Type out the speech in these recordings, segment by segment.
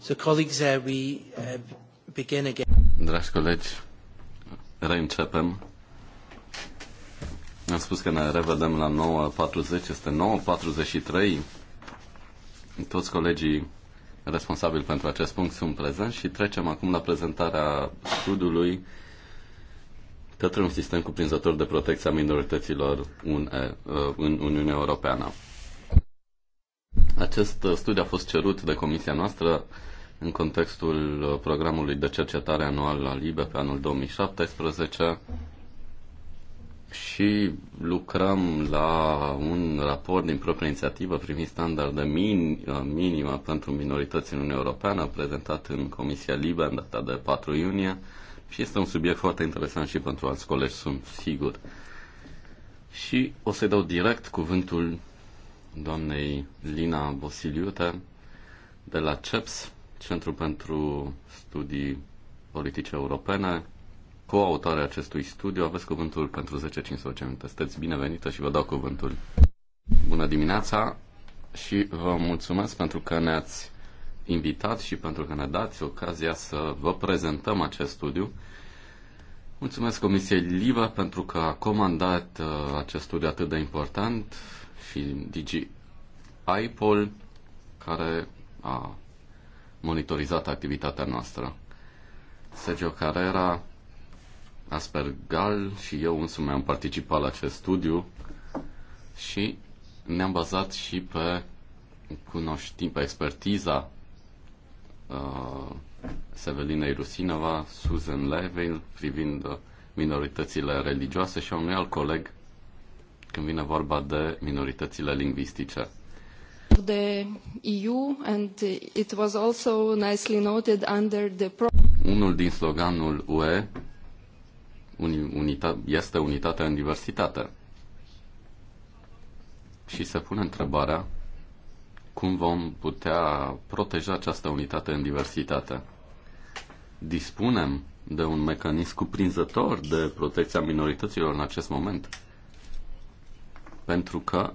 So, uh, uh, Dragi colegi, reîncepem. Am spus că ne revedem la 9.40, este 9.43. Toți colegii responsabili pentru acest punct sunt prezenți și trecem acum la prezentarea studiului către un sistem cuprinzător de protecție a minorităților uh, în Uniunea Europeană. Acest uh, studiu a fost cerut de comisia noastră în contextul uh, programului de cercetare anual la LIBE pe anul 2017 și lucrăm la un raport din proprie inițiativă privind standarde min, uh, minime pentru minorități în Uniunea Europeană, prezentat în Comisia LIBE în data de 4 iunie și este un subiect foarte interesant și pentru alți colegi, sunt sigur. Și o să-i dau direct cuvântul doamnei Lina Bosiliute de la CEPS, Centru pentru Studii Politice Europene, autoarea acestui studiu. Aveți cuvântul pentru 10-15 minute. Sunteți binevenită și vă dau cuvântul. Bună dimineața și vă mulțumesc pentru că ne-ați invitat și pentru că ne dați ocazia să vă prezentăm acest studiu. Mulțumesc Comisiei Liva pentru că a comandat uh, acest studiu atât de important film DG Apple care a monitorizat activitatea noastră. Sergio Carrera, Aspergal și eu însumi am participat la acest studiu și ne-am bazat și pe cunoștin, pe expertiza uh, Sevelinei Rusinova, Susan Levin, privind minoritățile religioase și a unui alt coleg când vine vorba de minoritățile lingvistice. The EU and it was also nicely noted under the Unul din sloganul UE unita, este unitatea în diversitate. Și se pune întrebarea cum vom putea proteja această unitate în diversitate. Dispunem de un mecanism cuprinzător de protecția minorităților în acest moment pentru că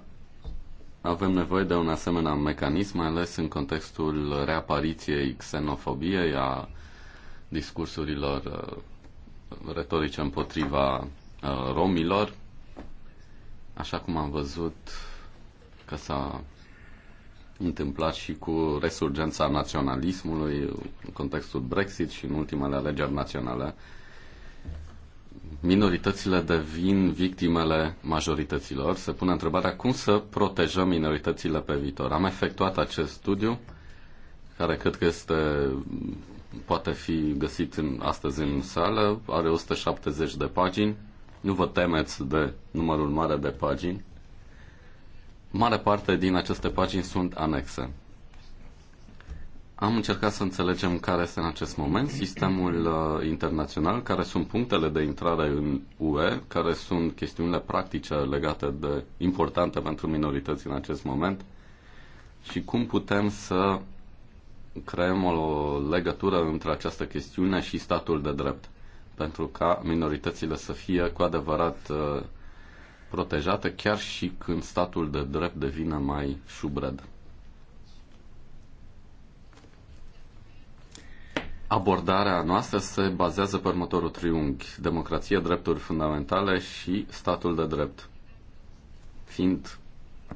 avem nevoie de un asemenea mecanism, mai ales în contextul reapariției xenofobiei, a discursurilor uh, retorice împotriva uh, romilor, așa cum am văzut că s-a întâmplat și cu resurgența naționalismului în contextul Brexit și în ultimele alegeri naționale minoritățile devin victimele majorităților. Se pune întrebarea cum să protejăm minoritățile pe viitor. Am efectuat acest studiu, care cred că este poate fi găsit în, astăzi în sală, are 170 de pagini. Nu vă temeți de numărul mare de pagini. Mare parte din aceste pagini sunt anexe. Am încercat să înțelegem care este în acest moment sistemul uh, internațional, care sunt punctele de intrare în UE, care sunt chestiunile practice legate de importante pentru minorități în acest moment și cum putem să creăm o legătură între această chestiune și statul de drept, pentru ca minoritățile să fie cu adevărat uh, protejate chiar și când statul de drept devine mai șubred. abordarea noastră se bazează pe următorul triunghi, democrație, drepturi fundamentale și statul de drept, fiind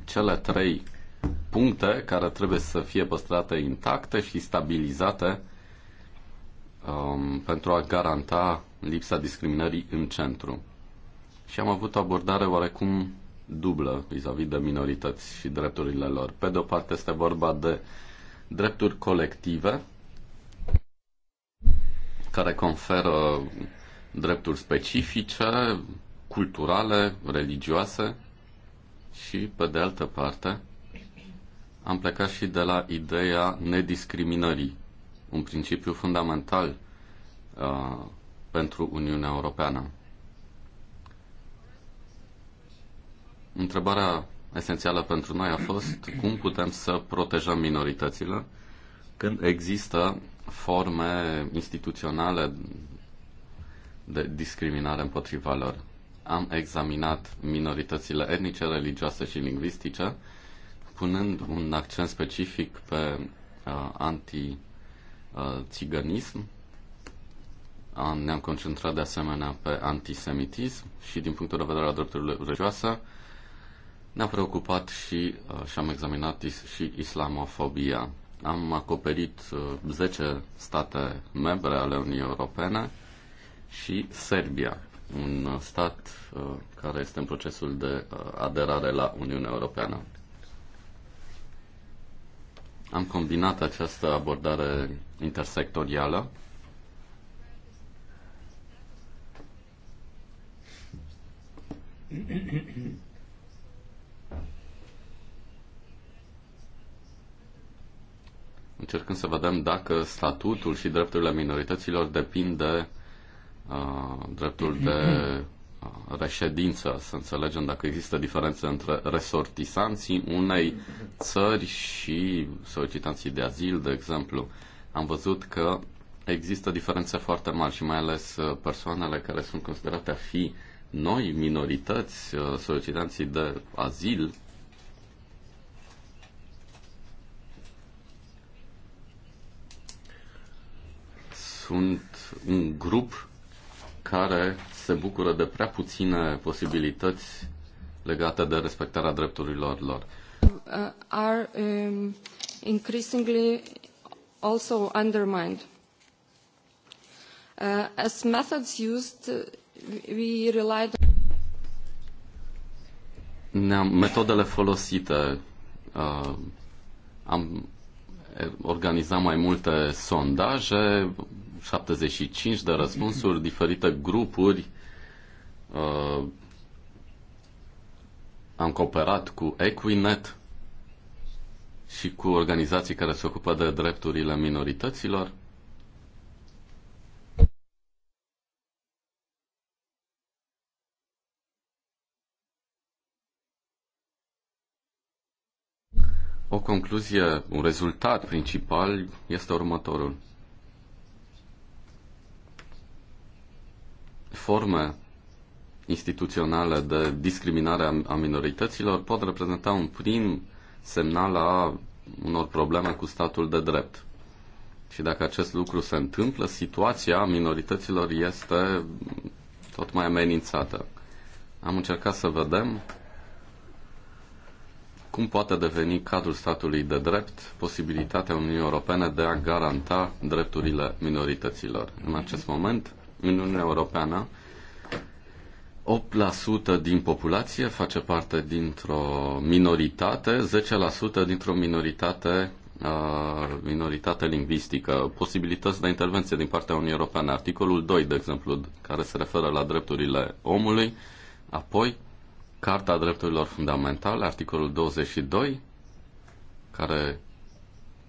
cele trei puncte care trebuie să fie păstrate intacte și stabilizate um, pentru a garanta lipsa discriminării în centru. Și am avut o abordare oarecum dublă vis-a-vis -vis de minorități și drepturile lor. Pe de o parte este vorba de drepturi colective, care conferă drepturi specifice, culturale, religioase și, pe de altă parte, am plecat și de la ideea nediscriminării, un principiu fundamental uh, pentru Uniunea Europeană. Întrebarea esențială pentru noi a fost cum putem să protejăm minoritățile când există forme instituționale de discriminare împotriva lor. Am examinat minoritățile etnice, religioase și lingvistice, punând un accent specific pe uh, anti-țigănism. Uh, ne-am concentrat de asemenea pe antisemitism și din punctul de vedere al drepturilor religioase ne-a preocupat și, uh, și am examinat is- și islamofobia am acoperit 10 uh, state membre ale Uniunii Europene și Serbia, un stat uh, care este în procesul de uh, aderare la Uniunea Europeană. Am combinat această abordare intersectorială încercând să vedem dacă statutul și drepturile minorităților depind de uh, dreptul de uh, reședință, să înțelegem dacă există diferențe între resortisanții unei țări și solicitanții de azil, de exemplu. Am văzut că există diferențe foarte mari și mai ales uh, persoanele care sunt considerate a fi noi minorități, uh, solicitanții de azil, sunt un grup care se bucură de prea puține posibilități legate de respectarea drepturilor lor. Uh, are um, increasingly also undermined. Uh, as methods used, we relied on... metodele folosite uh, am eh, organizat mai multe sondaje, 75 de răspunsuri, diferite grupuri. Uh, am cooperat cu Equinet și cu organizații care se ocupă de drepturile minorităților. O concluzie, un rezultat principal este următorul. forme instituționale de discriminare a minorităților pot reprezenta un prim semnal a unor probleme cu statul de drept. Și dacă acest lucru se întâmplă, situația minorităților este tot mai amenințată. Am încercat să vedem cum poate deveni cadrul statului de drept posibilitatea Uniunii Europene de a garanta drepturile minorităților. În acest moment, în Uniunea Europeană 8% din populație face parte dintr-o minoritate, 10% dintr-o minoritate uh, minoritate lingvistică, posibilități de intervenție din partea Uniunii Europene. Articolul 2, de exemplu, care se referă la drepturile omului, apoi Carta Drepturilor Fundamentale, articolul 22, care,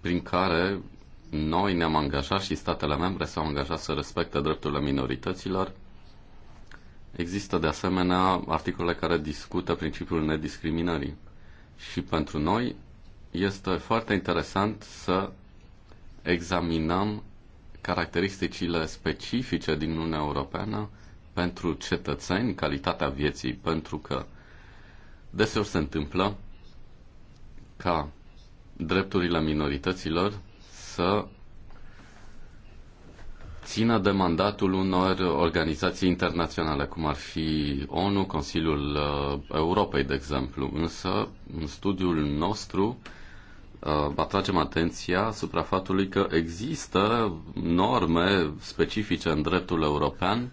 prin care noi ne-am angajat și statele membre s-au angajat să respecte drepturile minorităților. Există de asemenea articole care discută principiul nediscriminării. Și pentru noi este foarte interesant să examinăm caracteristicile specifice din Uniunea Europeană pentru cetățeni, calitatea vieții, pentru că deseori se întâmplă ca drepturile minorităților să țină de mandatul unor organizații internaționale, cum ar fi ONU, Consiliul uh, Europei, de exemplu. Însă, în studiul nostru, uh, atragem atenția asupra faptului că există norme specifice în dreptul european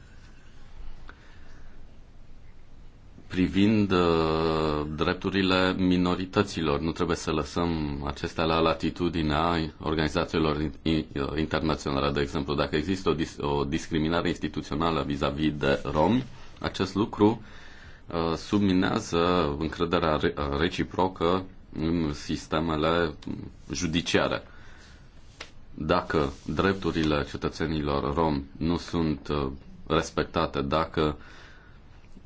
privind uh, drepturile minorităților. Nu trebuie să lăsăm acestea la latitudinea organizațiilor uh, internaționale. De exemplu, dacă există o, dis- o discriminare instituțională vis-a-vis -vis de romi, acest lucru uh, subminează încrederea re- uh, reciprocă în sistemele judiciare. Dacă drepturile cetățenilor rom nu sunt uh, respectate, dacă uh,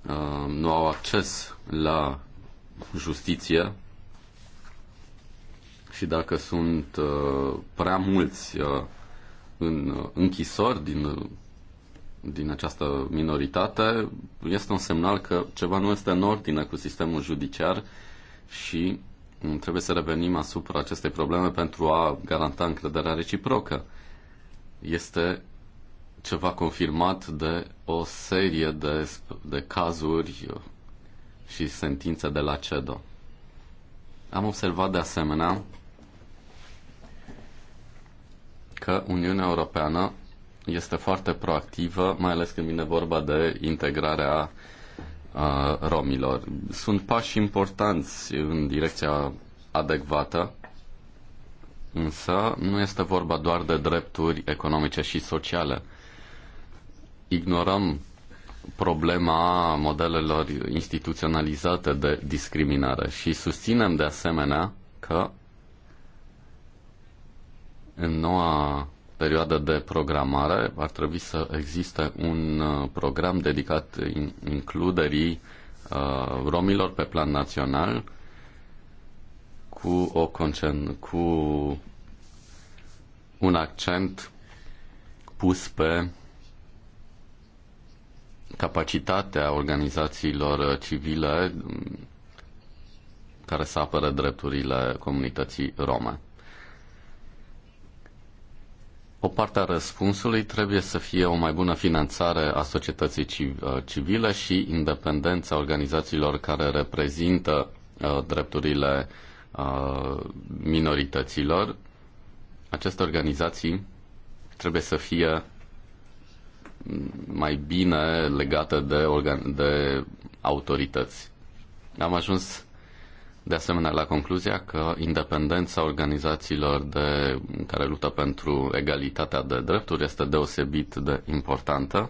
Uh, nu au acces la justiție și dacă sunt uh, prea mulți uh, în închisori din, din această minoritate, este un semnal că ceva nu este în ordine cu sistemul judiciar și mm, trebuie să revenim asupra acestei probleme pentru a garanta încrederea reciprocă. Este ceva confirmat de o serie de, de cazuri și sentințe de la CEDO. Am observat de asemenea că Uniunea Europeană este foarte proactivă, mai ales când vine vorba de integrarea romilor. Sunt pași importanți în direcția adecvată, însă nu este vorba doar de drepturi economice și sociale ignorăm problema modelelor instituționalizate de discriminare și susținem de asemenea că în noua perioadă de programare ar trebui să existe un uh, program dedicat includerii uh, romilor pe plan național cu, o concern, cu un accent pus pe capacitatea organizațiilor civile mm, care să apără drepturile comunității rome. O parte a răspunsului trebuie să fie o mai bună finanțare a societății uh, civile și independența organizațiilor care reprezintă uh, drepturile uh, minorităților. Aceste organizații trebuie să fie mai bine legată de, organ- de autorități. Am ajuns de asemenea la concluzia că independența organizațiilor de, care luptă pentru egalitatea de drepturi este deosebit de importantă.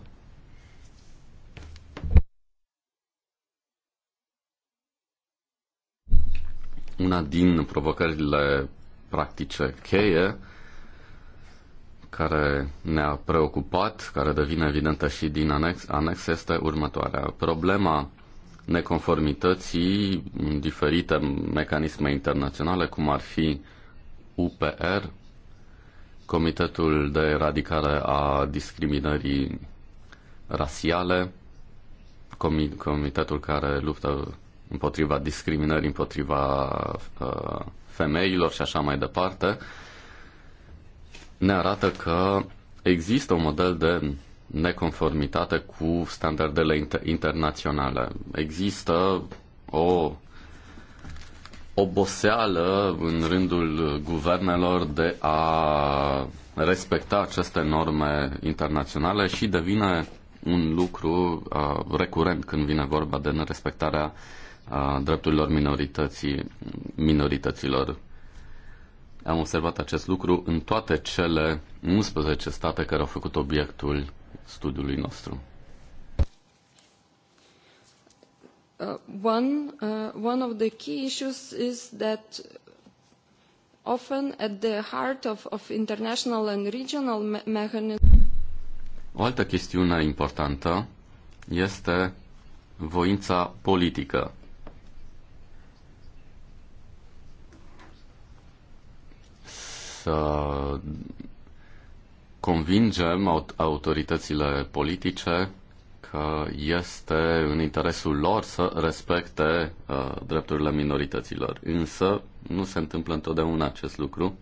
Una din provocările practice cheie care ne-a preocupat, care devine evidentă și din anex, anex este următoarea. Problema neconformității în diferite mecanisme internaționale, cum ar fi UPR, Comitetul de Eradicare a Discriminării Rasiale, comitetul care luptă împotriva discriminării, împotriva uh, femeilor și așa mai departe ne arată că există un model de neconformitate cu standardele inter- internaționale. Există o oboseală în rândul guvernelor de a respecta aceste norme internaționale și devine un lucru uh, recurent când vine vorba de nerespectarea uh, drepturilor minorității, minorităților. Am observat acest lucru în toate cele 11 state care au făcut obiectul studiului nostru. Uh, one, uh, one of the key issues is that often at the heart of, of international and regional me mechanisms. O altă chestiune importantă este voința politică să convingem autoritățile politice că este în interesul lor să respecte uh, drepturile minorităților. Însă nu se întâmplă întotdeauna acest lucru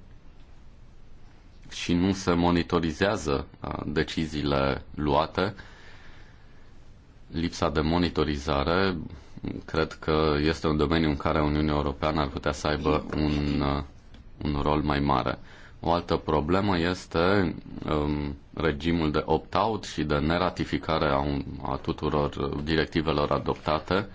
și nu se monitorizează uh, deciziile luate. Lipsa de monitorizare cred că este un domeniu în care Uniunea Europeană ar putea să aibă un uh, un rol mai mare. O altă problemă este um, regimul de opt-out și de neratificare a, un, a tuturor directivelor adoptate.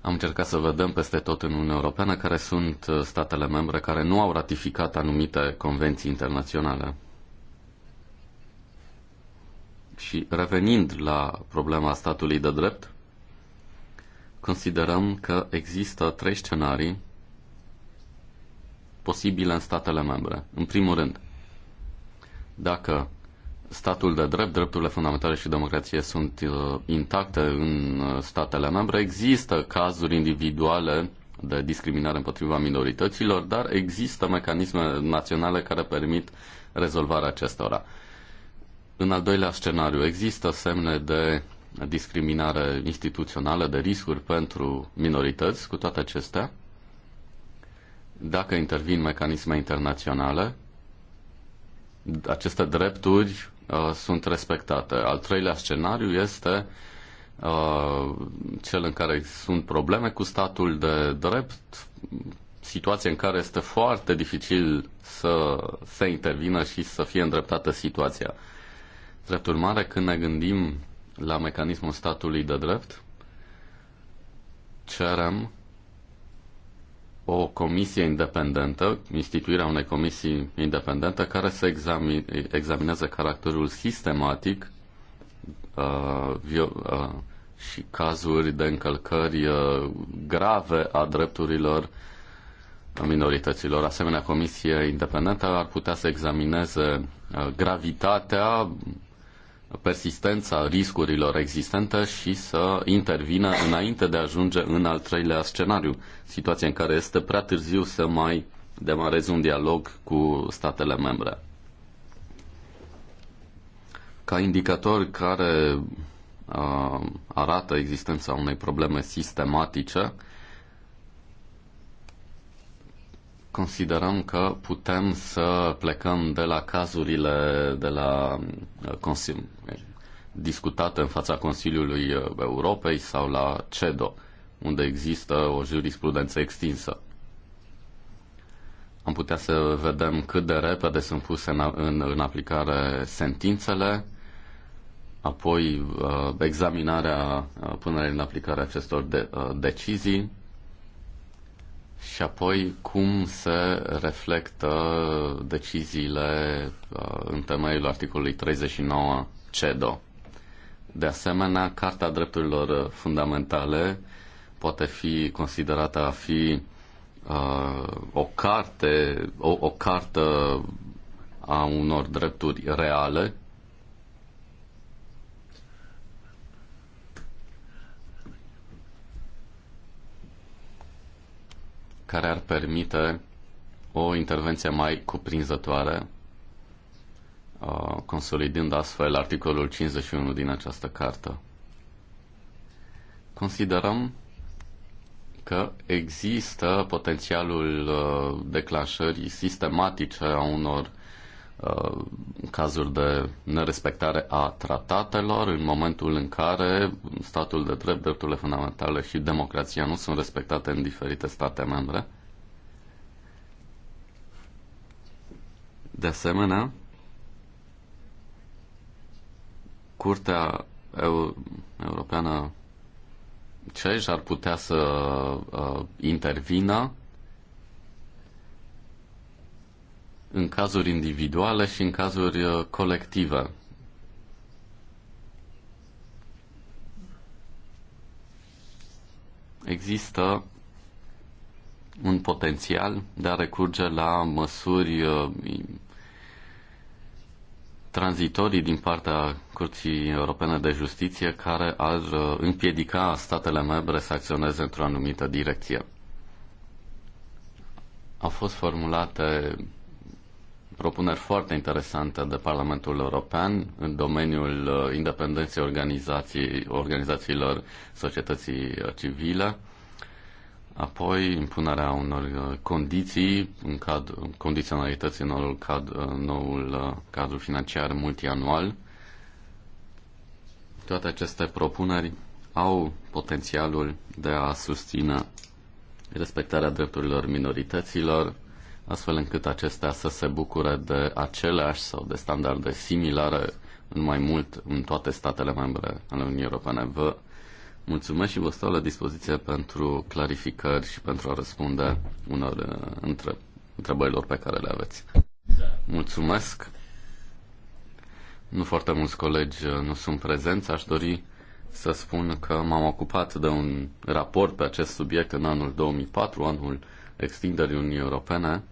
Am încercat să vedem peste tot în Uniunea Europeană care sunt uh, statele membre care nu au ratificat anumite convenții internaționale. Și revenind la problema statului de drept, considerăm că există trei scenarii posibile în statele membre. În primul rând, dacă statul de drept, drepturile fundamentale și democrație sunt uh, intacte în uh, statele membre, există cazuri individuale de discriminare împotriva minorităților, dar există mecanisme naționale care permit rezolvarea acestora. În al doilea scenariu, există semne de discriminare instituțională, de riscuri pentru minorități, cu toate acestea dacă intervin mecanisme internaționale, aceste drepturi uh, sunt respectate. Al treilea scenariu este uh, cel în care sunt probleme cu statul de drept, situație în care este foarte dificil să se intervină și să fie îndreptată situația. Drept urmare, când ne gândim la mecanismul statului de drept, cerem o comisie independentă, instituirea unei comisii independente care să examin- examineze caracterul sistematic uh, vio- uh, și cazuri de încălcări uh, grave a drepturilor minorităților. Asemenea, comisie independentă ar putea să examineze uh, gravitatea persistența riscurilor existente și să intervină înainte de a ajunge în al treilea scenariu, situație în care este prea târziu să mai demareze un dialog cu statele membre. Ca indicatori care uh, arată existența unei probleme sistematice, considerăm că putem să plecăm de la cazurile de la uh, consum, discutate în fața Consiliului uh, Europei sau la CEDO, unde există o jurisprudență extinsă. Am putea să vedem cât de repede sunt puse în, în, în aplicare sentințele, apoi uh, examinarea punerii în aplicare acestor de, decizii și apoi cum se reflectă deciziile uh, în temeiul articolului 39 CEDO. De asemenea, Carta Drepturilor Fundamentale poate fi considerată a fi uh, o carte, o, o cartă a unor drepturi reale care ar permite o intervenție mai cuprinzătoare, uh, consolidând astfel articolul 51 din această cartă. Considerăm că există potențialul uh, declanșării sistematice a unor Uh, cazuri de nerespectare a tratatelor în momentul în care statul de drept, drepturile fundamentale și democrația nu sunt respectate în diferite state membre. De asemenea, Curtea Europeană CEJ ar putea să uh, intervină în cazuri individuale și în cazuri uh, colective. Există un potențial de a recurge la măsuri uh, tranzitorii din partea Curții Europene de Justiție care ar uh, împiedica statele membre să acționeze într-o anumită direcție. Au fost formulate propuneri foarte interesante de Parlamentul European în domeniul uh, independenței organizației, organizațiilor societății uh, civile, apoi impunerea unor uh, condiții, în cadru condiționalități în noul, cadru, noul cadru financiar multianual. Toate aceste propuneri au potențialul de a susține respectarea drepturilor minorităților, astfel încât acestea să se bucure de aceleași sau de standarde similare în mai mult în toate statele membre ale Uniunii Europene. Vă mulțumesc și vă stau la dispoziție pentru clarificări și pentru a răspunde unor uh, între, întrebărilor pe care le aveți. Mulțumesc. Nu foarte mulți colegi uh, nu sunt prezenți. Aș dori să spun că m-am ocupat de un raport pe acest subiect în anul 2004, anul extinderii Uniunii Europene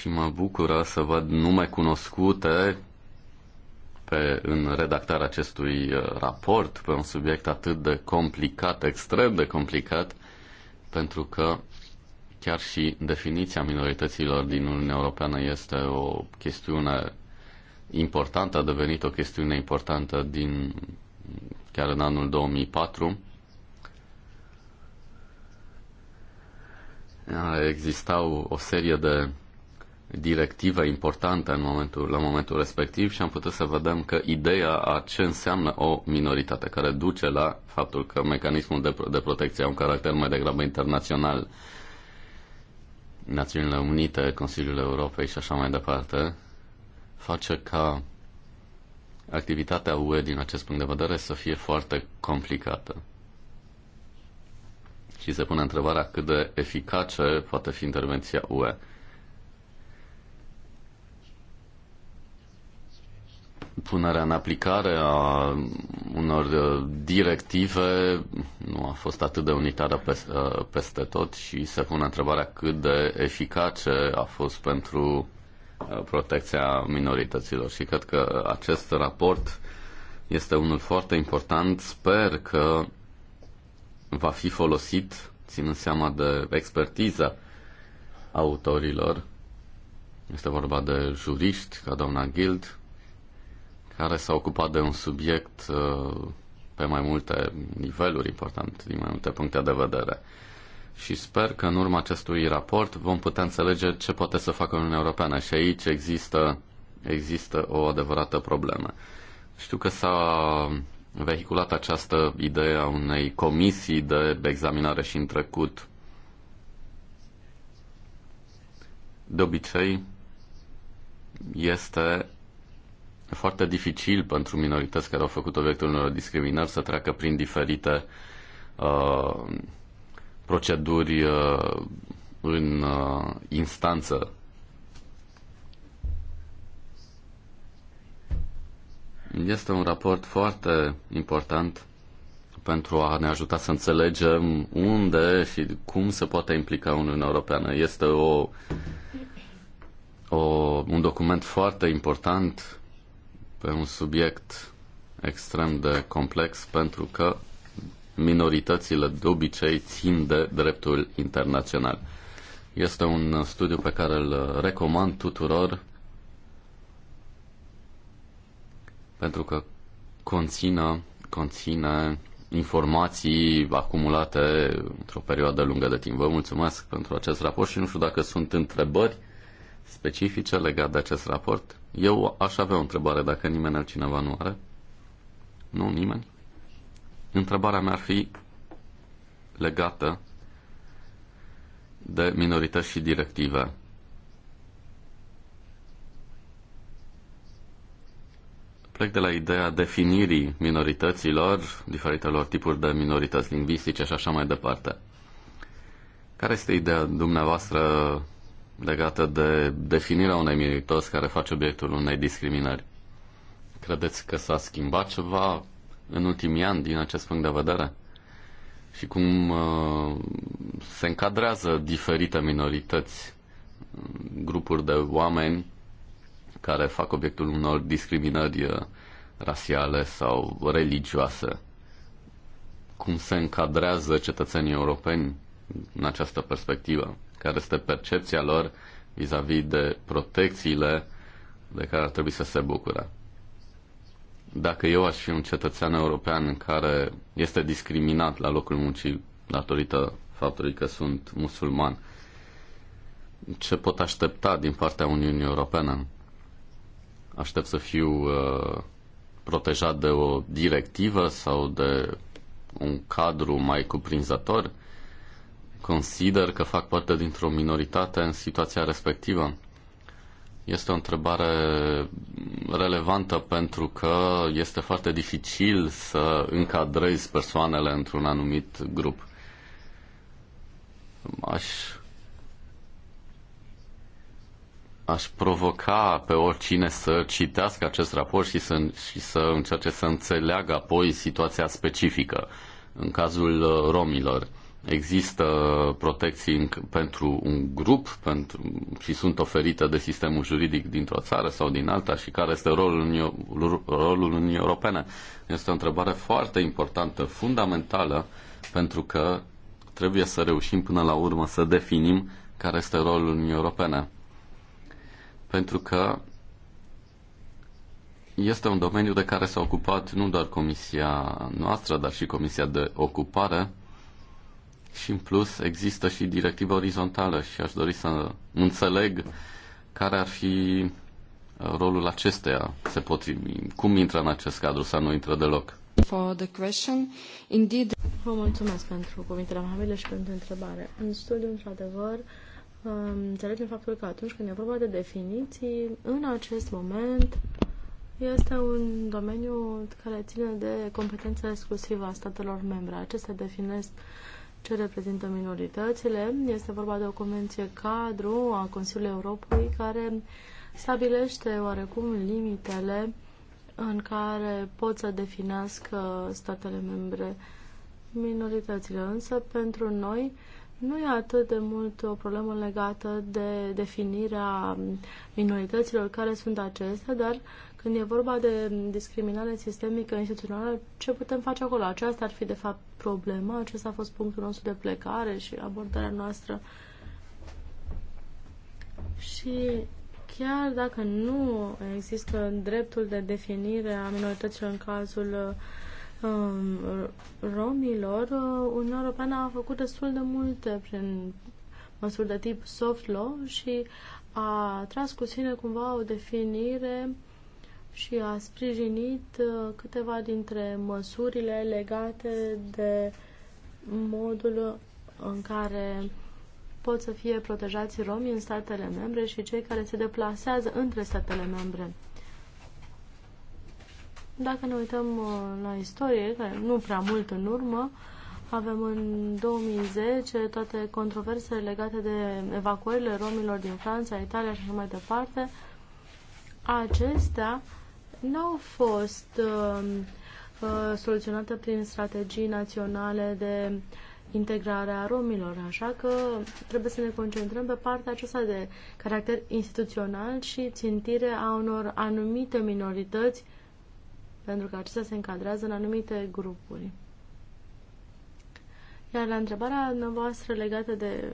și mă bucură să văd nume cunoscute pe, în redactarea acestui uh, raport pe un subiect atât de complicat, extrem de complicat, pentru că chiar și definiția minorităților din Uniunea Europeană este o chestiune importantă, a devenit o chestiune importantă din chiar în anul 2004 existau o serie de directive importante în momentul, la momentul respectiv și am putut să vedem că ideea a ce înseamnă o minoritate, care duce la faptul că mecanismul de, de protecție are un caracter mai degrabă internațional. Națiunile Unite, Consiliul Europei și așa mai departe, face ca activitatea UE din acest punct de vedere să fie foarte complicată și se pune întrebarea cât de eficace poate fi intervenția UE. Punerea în aplicare a unor uh, directive nu a fost atât de unitară uh, peste tot și se pune întrebarea cât de eficace a fost pentru uh, protecția minorităților și cred că acest raport este unul foarte important. Sper că va fi folosit, ținând seama de expertiza autorilor. Este vorba de juriști, ca doamna Guild, care s-a ocupat de un subiect uh, pe mai multe niveluri important, din mai multe puncte de vedere. Și sper că în urma acestui raport vom putea înțelege ce poate să facă Uniunea Europeană și aici există, există o adevărată problemă. Știu că s-a vehiculat această idee a unei comisii de examinare și în trecut. De obicei, este foarte dificil pentru minorități care au făcut obiectul unor discriminări să treacă prin diferite uh, proceduri uh, în uh, instanță Este un raport foarte important pentru a ne ajuta să înțelegem unde și cum se poate implica Uniunea Europeană. Este o, o, un document foarte important pe un subiect extrem de complex pentru că minoritățile de obicei țin de dreptul internațional. Este un studiu pe care îl recomand tuturor pentru că conțină, conține informații acumulate într-o perioadă lungă de timp. Vă mulțumesc pentru acest raport și nu știu dacă sunt întrebări specifice legate de acest raport. Eu aș avea o întrebare dacă nimeni altcineva nu are. Nu, nimeni. Întrebarea mea ar fi legată de minorități și directive. Plec de la ideea definirii minorităților, diferitelor tipuri de minorități lingvistice și așa mai departe. Care este ideea dumneavoastră legată de definirea unei minorități care face obiectul unei discriminări? Credeți că s-a schimbat ceva în ultimii ani din acest punct de vedere? Și cum uh, se încadrează diferite minorități, grupuri de oameni care fac obiectul unor discriminări uh, rasiale sau religioase. Cum se încadrează cetățenii europeni în această perspectivă? Care este percepția lor vis-a-vis -vis de protecțiile de care ar trebui să se bucure? Dacă eu aș fi un cetățean european care este discriminat la locul muncii datorită faptului că sunt musulman, ce pot aștepta din partea Uniunii Europene? Aștept să fiu uh, protejat de o directivă sau de un cadru mai cuprinzător? Consider că fac parte dintr-o minoritate în situația respectivă? Este o întrebare relevantă pentru că este foarte dificil să încadrezi persoanele într-un anumit grup. Aș aș provoca pe oricine să citească acest raport și să, și să încerce să înțeleagă apoi situația specifică. În cazul uh, romilor există protecții pentru un grup pentru, și sunt oferite de sistemul juridic dintr-o țară sau din alta și care este rolul Uniunii, rolul Uniunii Europene. Este o întrebare foarte importantă, fundamentală, pentru că trebuie să reușim până la urmă să definim care este rolul Uniunii Europene pentru că este un domeniu de care s-a ocupat nu doar comisia noastră, dar și comisia de ocupare și în plus există și directiva orizontală și aș dori să înțeleg care ar fi uh, rolul acesteia, se potrivi, cum intră în acest cadru sau nu intră deloc. For the question. Indeed... Vă mulțumesc pentru cuvintele amabile și pentru întrebare. În studiu, într-adevăr, uh, înțelegem faptul că atunci când e vorba de definiții, în acest moment este un domeniu care ține de competența exclusivă a statelor membre. Acestea definesc ce reprezintă minoritățile. Este vorba de o convenție cadru a Consiliului Europei care stabilește oarecum limitele în care pot să definească statele membre minoritățile. Însă, pentru noi, nu e atât de mult o problemă legată de definirea minorităților care sunt acestea, dar când e vorba de discriminare sistemică instituțională, ce putem face acolo? Aceasta ar fi, de fapt, problema. Acesta a fost punctul nostru de plecare și abordarea noastră. Și chiar dacă nu există dreptul de definire a minorităților în cazul uh, Ehm, romilor, uh, Uniunea Europeană a făcut destul de multe prin măsuri de tip soft law și a tras cu sine cumva o definire și a sprijinit uh, câteva dintre măsurile legate de modul în care pot să fie protejați romii în statele membre și cei care se deplasează între statele membre. Dacă ne uităm uh, la istorie, care nu prea mult în urmă, avem în 2010 toate controversele legate de evacuările romilor din Franța, Italia și așa mai departe. Acestea nu au fost uh, uh, soluționate prin strategii naționale de integrare a romilor, așa că trebuie să ne concentrăm pe partea aceasta de caracter instituțional și țintire a unor anumite minorități pentru că acestea se încadrează în anumite grupuri. Iar la întrebarea noastră legată de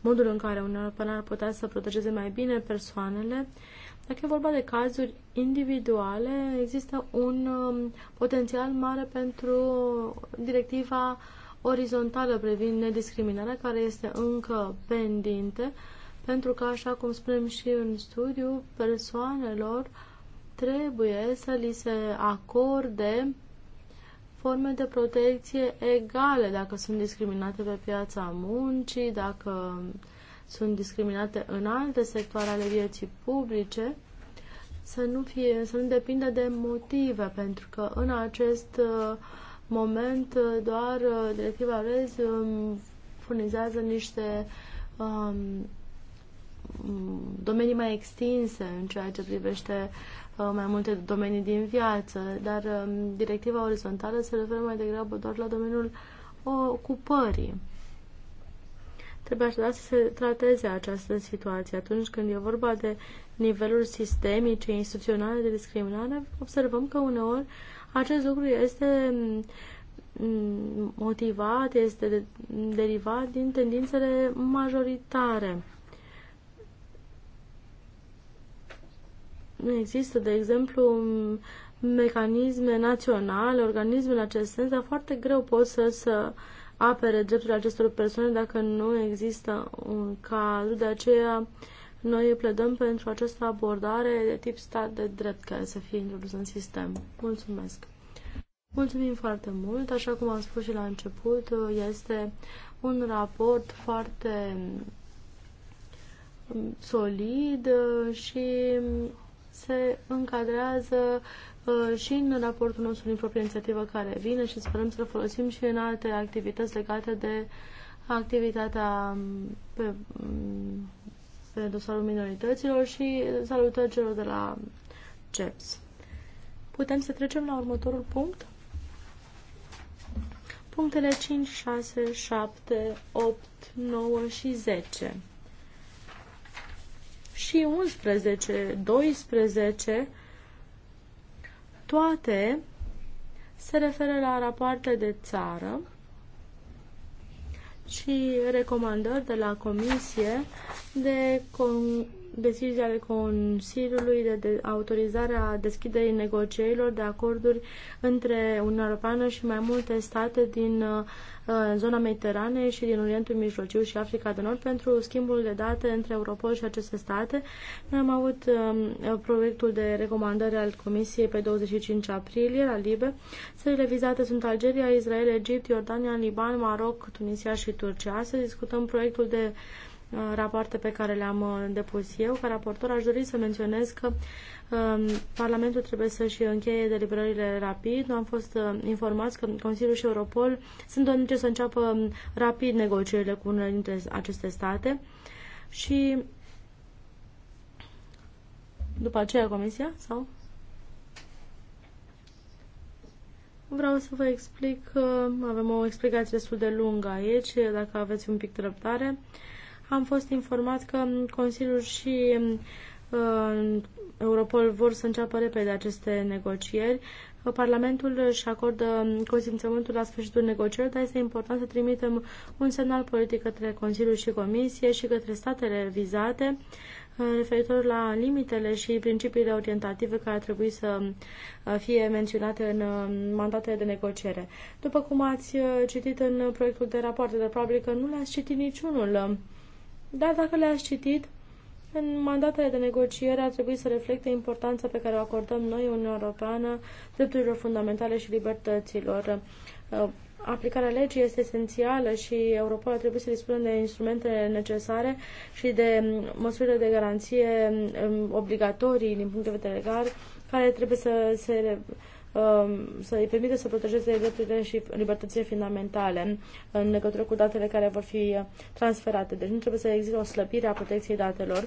modul în care un european ar putea să protejeze mai bine persoanele, dacă e vorba de cazuri individuale, există un um, potențial mare pentru directiva orizontală privind nediscriminarea, care este încă pendinte, pentru că, așa cum spunem și în studiu, persoanelor uh, trebuie să li se acorde forme de protecție egale dacă sunt discriminate pe piața muncii, dacă sunt discriminate în alte sectoare ale vieții publice, să nu, fie, să nu depindă de motive, pentru că în acest uh, moment uh, doar uh, directiva REZ um, furnizează niște um, domenii mai extinse în ceea ce privește Uh, mai multe domenii din viață, dar um, directiva orizontală se referă mai degrabă doar la domeniul ocupării. Trebuie așadar să se trateze această situație. Atunci când e vorba de niveluri sistemice, instituționale de discriminare, observăm că uneori acest lucru este mm, motivat, este derivat din tendințele majoritare. Nu există, de exemplu, mecanisme naționale, organisme în acest sens, dar foarte greu pot să, să apere drepturile acestor persoane dacă nu există un cadru. De aceea noi pledăm pentru această abordare de tip stat de drept care să fie introdus în sistem. Mulțumesc! Mulțumim foarte mult! Așa cum am spus și la început, este un raport foarte solid și se încadrează uh, și în raportul nostru din propria inițiativă care vine și sperăm să-l folosim și în alte activități legate de activitatea um, pe, um, pe dosarul minorităților și salutări celor de la CEPS. Putem să trecem la următorul punct? Punctele 5, 6, 7, 8, 9 și 10 și 11, 12, toate se referă la rapoarte de țară și recomandări de la Comisie de con- decizia de Consiliului de, de autorizare a deschiderii negocierilor de acorduri între Uniunea Europeană și mai multe state din uh, în zona Mediteranei și din Orientul Mijlociu și Africa de Nord pentru schimbul de date între Europol și aceste state. Noi am avut um, proiectul de recomandare al Comisiei pe 25 aprilie la Libe. Țările vizate sunt Algeria, Israel, Egipt, Iordania, Liban, Maroc, Tunisia și Turcia. Să discutăm proiectul de Uh, rapoarte pe care le-am uh, depus eu. Ca raportor aș dori să menționez că um, Parlamentul trebuie să-și încheie deliberările rapid. Am fost uh, informați că Consiliul și Europol sunt dornice să înceapă um, rapid negocierile cu unele dintre aceste state și după aceea Comisia sau? Vreau să vă explic, avem o explicație destul de lungă aici, dacă aveți un pic de răbdare. Uh, am fost informat că Consiliul și uh, Europol vor să înceapă repede aceste negocieri. Parlamentul își acordă consimțământul la sfârșitul negocierilor, dar este important să trimitem un semnal politic către Consiliul și Comisie și către statele vizate uh, referitor la limitele și principiile orientative care ar trebui să uh, fie menționate în uh, mandatele de negociere. După cum ați citit în proiectul de rapoarte, dar probabil că nu le-ați citit niciunul dar dacă le-aș citit, în mandatele de negociere ar trebui să reflecte importanța pe care o acordăm noi, Uniunea Europeană, drepturilor fundamentale și libertăților. Uh, aplicarea legii este esențială și Europa trebuie să dispună de instrumentele necesare și de um, măsurile de garanție um, obligatorii din punct de vedere legal, care trebuie să se Um, să îi permită să protejeze drepturile și libertățile fundamentale în legătură cu datele care vor fi uh, transferate. Deci nu trebuie să existe o slăbire a protecției datelor,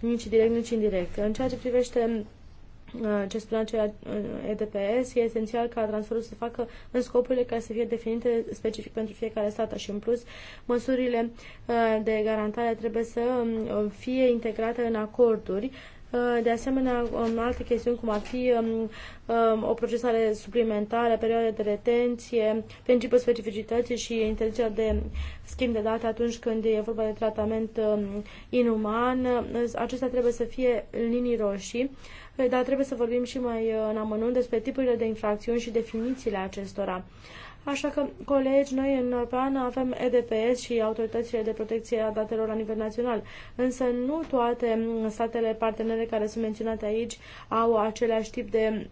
nici direct, nici indirect. În ceea ce privește uh, ce spunea ceea uh, EDPS, e esențial ca transferul să se facă în scopurile care să fie definite specific pentru fiecare stat și în plus măsurile de garantare trebuie să um, fie integrate în acorduri Uh, de asemenea um, alte chestiuni cum ar fi um, um, o procesare suplimentară, perioade de retenție, principiul specificității și intenția de schimb de date atunci când e vorba de tratament inuman. Uh, acestea trebuie să fie linii roșii, uh, dar trebuie să vorbim și mai în amănunt despre tipurile de infracțiuni și definițiile acestora. Așa că, colegi, noi în Europeană avem EDPS și autoritățile de protecție a datelor la nivel național, însă nu toate statele partenere care sunt menționate aici au același tip de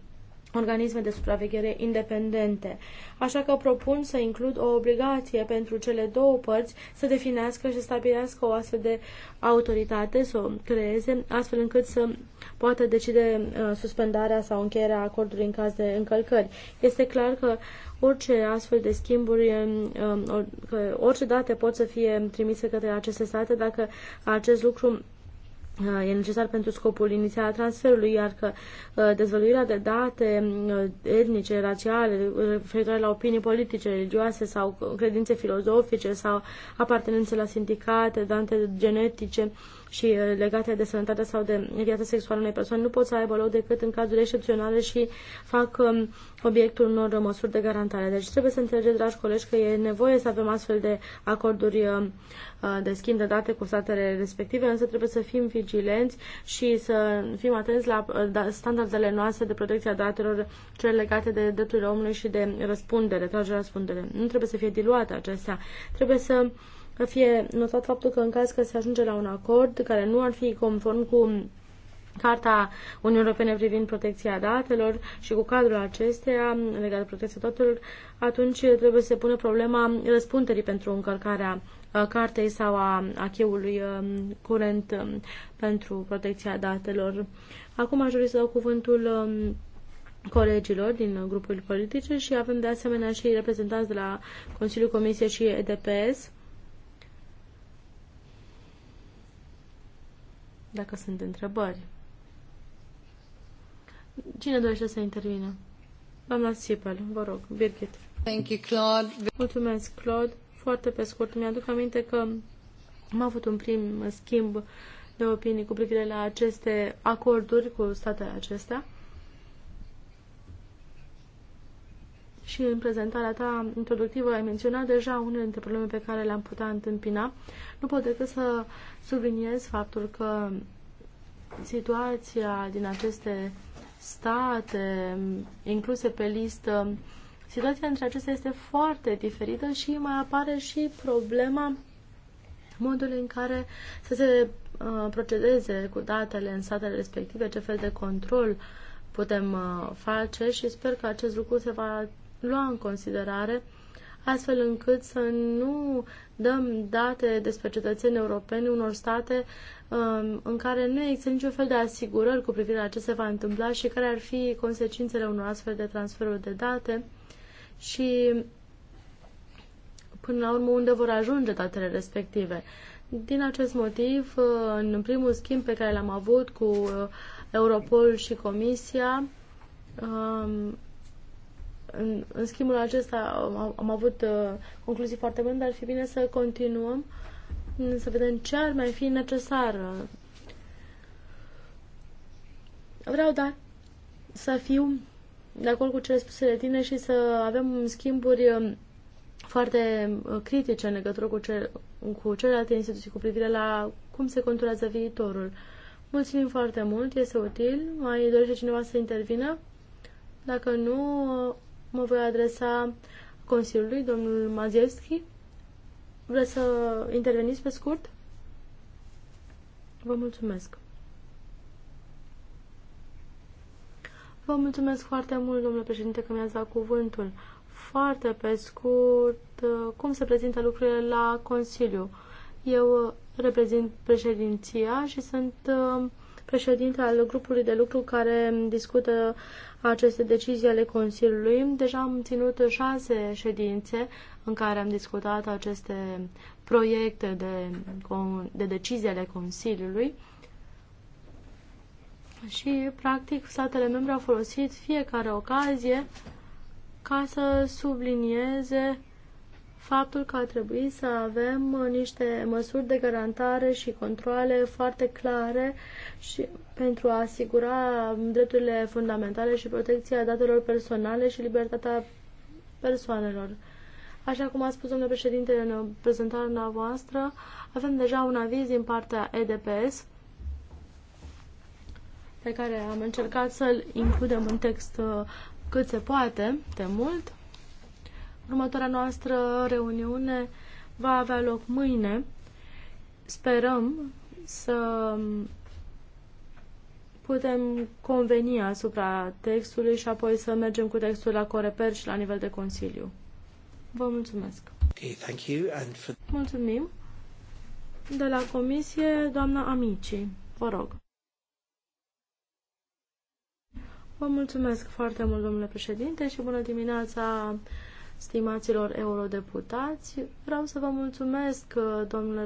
organisme de supraveghere independente. Așa că propun să includ o obligație pentru cele două părți să definească și stabilească o astfel de autoritate, să o creeze, astfel încât să poată decide uh, suspendarea sau încheierea acordului în caz de încălcări. Este clar că orice astfel de schimburi, um, um, că orice date pot să fie trimise către aceste state dacă acest lucru e necesar pentru scopul inițial al transferului, iar că uh, dezvăluirea de date uh, etnice, raciale, referitoare la opinii politice, religioase sau credințe filozofice sau apartenențe la sindicate, date genetice, și uh, legate de sănătate sau de viața sexuală unei persoane nu pot să aibă loc decât în cazuri excepționale și fac um, obiectul unor măsuri de garantare. Deci trebuie să înțelegeți, dragi colegi, că e nevoie să avem astfel de acorduri um, uh, de schimb de date cu statele respective, însă trebuie să fim vigilenți și să fim atenți la uh, da, standardele noastre de protecție a datelor, cele legate de drepturile omului și de răspundere, tragere răspundere. Nu trebuie să fie diluate acestea. Trebuie să uh, să fie notat faptul că în caz că se ajunge la un acord care nu ar fi conform cu Carta Uniunii Europene privind protecția datelor și cu cadrul acesteia legat de protecția datelor, atunci trebuie să se pune problema răspunderii pentru încălcarea uh, cartei sau a acheului um, curent um, pentru protecția datelor. Acum aș dori să dau cuvântul um, colegilor din grupul politice și avem de asemenea și reprezentanți de la Consiliul Comisiei și EDPS dacă sunt întrebări. Cine dorește să intervină? Doamna Sipel, vă rog, Birgit. Thank you, Claude. Mulțumesc, Claude. Foarte pe scurt, mi-aduc aminte că am avut un prim schimb de opinii cu privire la aceste acorduri cu statele acestea și în prezentarea ta introductivă ai menționat deja unele dintre probleme pe care le-am putea întâmpina. Nu pot decât să subliniez faptul că situația din aceste state incluse pe listă, situația între acestea este foarte diferită și mai apare și problema modului în care să se uh, procedeze cu datele în statele respective, ce fel de control putem uh, face și sper că acest lucru se va lua în considerare astfel încât să nu dăm date despre cetățeni europeni unor state um, în care nu există niciun fel de asigurări cu privire la ce se va întâmpla și care ar fi consecințele unor astfel de transferuri de date și până la urmă unde vor ajunge datele respective. Din acest motiv, uh, în primul schimb pe care l-am avut cu uh, Europol și Comisia, um, în, în schimbul acesta am, am avut uh, concluzii foarte bune, dar ar fi bine să continuăm să vedem ce ar mai fi necesar. Vreau, da, să fiu de acord cu cele spuse de tine și să avem schimburi um, foarte uh, critice în legătură cu, ce, cu celelalte instituții cu privire la cum se conturează viitorul. Mulțumim foarte mult, este util. Mai dorește cineva să intervină? Dacă nu, mă voi adresa Consiliului, domnul Mazievski. Vreți să interveniți pe scurt? Vă mulțumesc. Vă mulțumesc foarte mult, domnule președinte, că mi-ați dat cuvântul. Foarte pe scurt, cum se prezintă lucrurile la Consiliu? Eu reprezint președinția și sunt uh, președinte al grupului de lucru care discută aceste decizii ale Consiliului. Deja am ținut șase ședințe în care am discutat aceste proiecte de, de decizii ale Consiliului și, practic, statele membre au folosit fiecare ocazie ca să sublinieze faptul că ar trebui să avem niște măsuri de garantare și controle foarte clare și pentru a asigura drepturile fundamentale și protecția datelor personale și libertatea persoanelor. Așa cum a spus domnul președinte în prezentarea voastră, avem deja un aviz din partea EDPS pe care am încercat să-l includem în text uh, cât se poate de mult Următoarea noastră reuniune va avea loc mâine. Sperăm să putem conveni asupra textului și apoi să mergem cu textul la Coreper și la nivel de Consiliu. Vă mulțumesc. Okay, thank you and for... Mulțumim. De la Comisie, doamna Amici, vă rog. Vă mulțumesc foarte mult, domnule președinte, și bună dimineața stimaților eurodeputați. Vreau să vă mulțumesc, uh, domnule,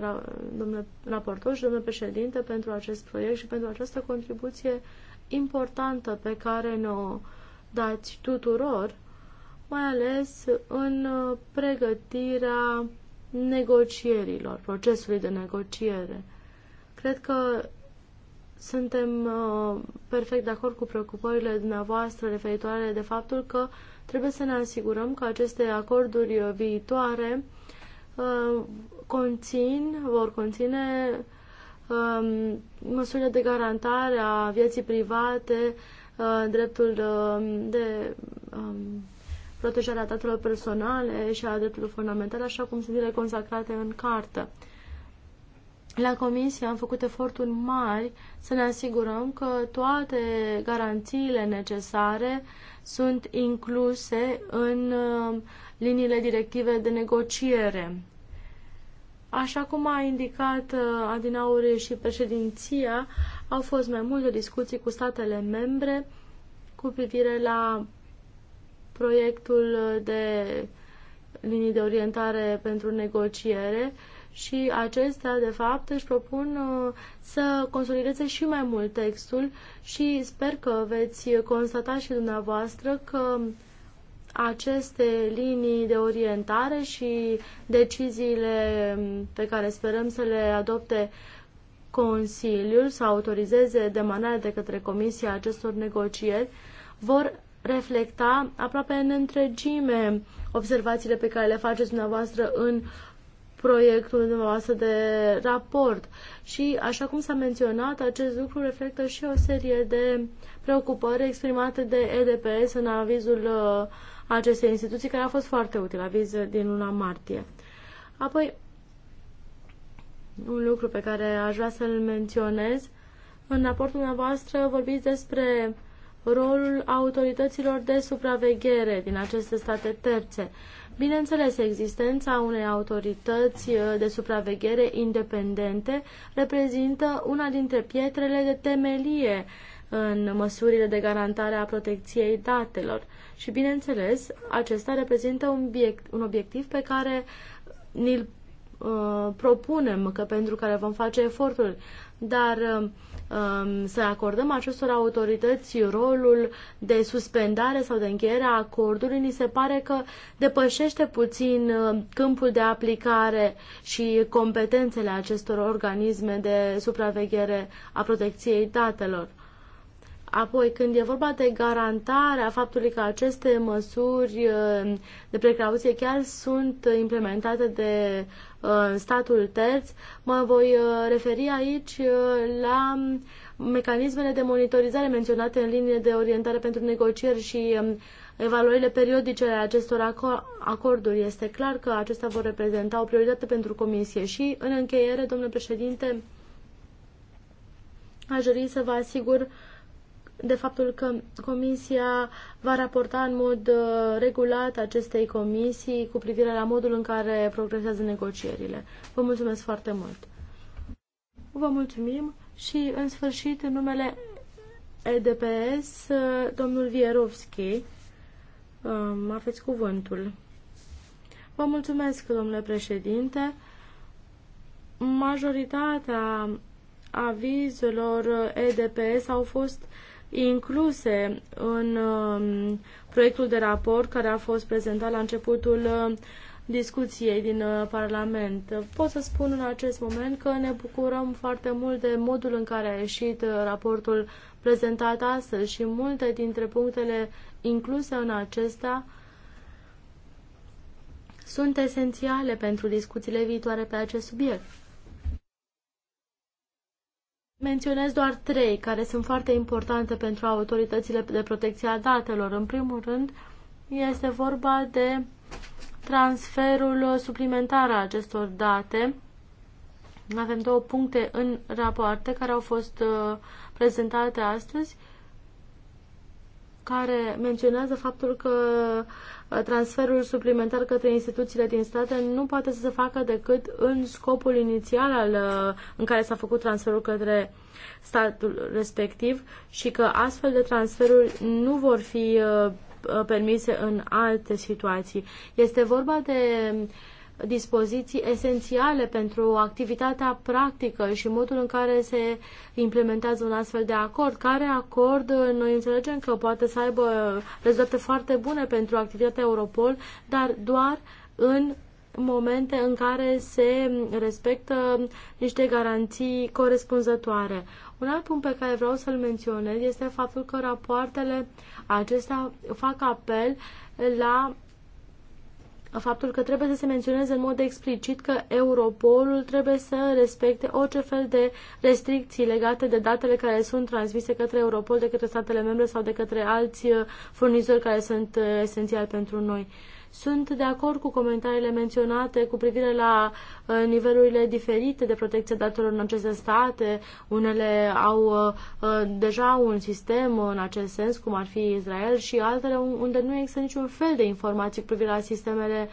domnule raportor și domnule președinte, pentru acest proiect și pentru această contribuție importantă pe care ne-o dați tuturor, mai ales în uh, pregătirea negocierilor, procesului de negociere. Cred că suntem uh, perfect de acord cu preocupările dumneavoastră referitoare de faptul că uh, Trebuie să ne asigurăm că aceste acorduri viitoare uh, conțin, vor conține um, măsurile de garantare a vieții private, uh, dreptul de, um, de um, protejarea datelor personale și a drepturilor fundamentale, așa cum sunt ele consacrate în cartă. La Comisie am făcut eforturi mari să ne asigurăm că toate garanțiile necesare sunt incluse în uh, liniile directive de negociere. Așa cum a indicat uh, Adinauri și președinția, au fost mai multe discuții cu statele membre cu privire la proiectul de linii de orientare pentru negociere și acestea, de fapt, își propun uh, să consolideze și mai mult textul și sper că veți constata și dumneavoastră că aceste linii de orientare și deciziile pe care sperăm să le adopte Consiliul să autorizeze demanarea de către Comisia acestor negocieri vor reflecta aproape în întregime observațiile pe care le faceți dumneavoastră în proiectul dumneavoastră de raport. Și, așa cum s-a menționat, acest lucru reflectă și o serie de preocupări exprimate de EDPS în avizul uh, acestei instituții, care a fost foarte util, aviz din luna martie. Apoi, un lucru pe care aș vrea să-l menționez, în raportul dumneavoastră vorbiți despre rolul autorităților de supraveghere din aceste state terțe. Bineînțeles, existența unei autorități uh, de supraveghere independente reprezintă una dintre pietrele de temelie în măsurile de garantare a protecției datelor. Și, bineînțeles, acesta reprezintă un, obiect, un obiectiv pe care ni-l uh, propunem, că pentru care vom face eforturi. Dar uh, Um, să acordăm acestor autorități rolul de suspendare sau de încheiere a acordului, ni se pare că depășește puțin uh, câmpul de aplicare și competențele acestor organisme de supraveghere a protecției datelor. Apoi, când e vorba de garantarea faptului că aceste măsuri uh, de precauție chiar sunt implementate de uh, statul terț, mă voi uh, referi aici la mecanismele de monitorizare menționate în linie de orientare pentru negocieri și um, evaluările periodice ale acestor acorduri. Este clar că acestea vor reprezenta o prioritate pentru Comisie și, în încheiere, domnule președinte, aș dori să vă asigur de faptul că Comisia va raporta în mod uh, regulat acestei comisii cu privire la modul în care progresează negocierile. Vă mulțumesc foarte mult! Vă mulțumim și, în sfârșit, în numele EDPS, uh, domnul Vierovski, um, aveți cuvântul. Vă mulțumesc, domnule președinte. Majoritatea avizelor EDPS au fost incluse în um, proiectul de raport care a fost prezentat la începutul um, discuției din uh, Parlament. Pot să spun în acest moment că ne bucurăm foarte mult de modul în care a ieșit uh, raportul prezentat astăzi și multe dintre punctele incluse în acesta sunt esențiale pentru discuțiile viitoare pe acest subiect. Menționez doar trei care sunt foarte importante pentru autoritățile de protecție a datelor. În primul rând, este vorba de transferul suplimentar al acestor date. Avem două puncte în rapoarte care au fost uh, prezentate astăzi care menționează faptul că uh, transferul suplimentar către instituțiile din state nu poate să se facă decât în scopul inițial al, uh, în care s-a făcut transferul către statul respectiv și că astfel de transferuri nu vor fi uh, permise în alte situații. Este vorba de uh, dispoziții esențiale pentru activitatea practică și modul în care se implementează un astfel de acord. Care acord noi înțelegem că poate să aibă rezultate foarte bune pentru activitatea Europol, dar doar în momente în care se respectă niște garanții corespunzătoare. Un alt punct pe care vreau să-l menționez este faptul că rapoartele acestea fac apel la faptul că trebuie să se menționeze în mod explicit că Europolul trebuie să respecte orice fel de restricții legate de datele care sunt transmise către Europol de către statele membre sau de către alți furnizori care sunt eh, esențiali pentru noi. Sunt de acord cu comentariile menționate cu privire la uh, nivelurile diferite de protecție datelor în aceste state. Unele au uh, uh, deja un sistem în acest sens, cum ar fi Israel, și altele unde nu există niciun fel de informații cu privire la sistemele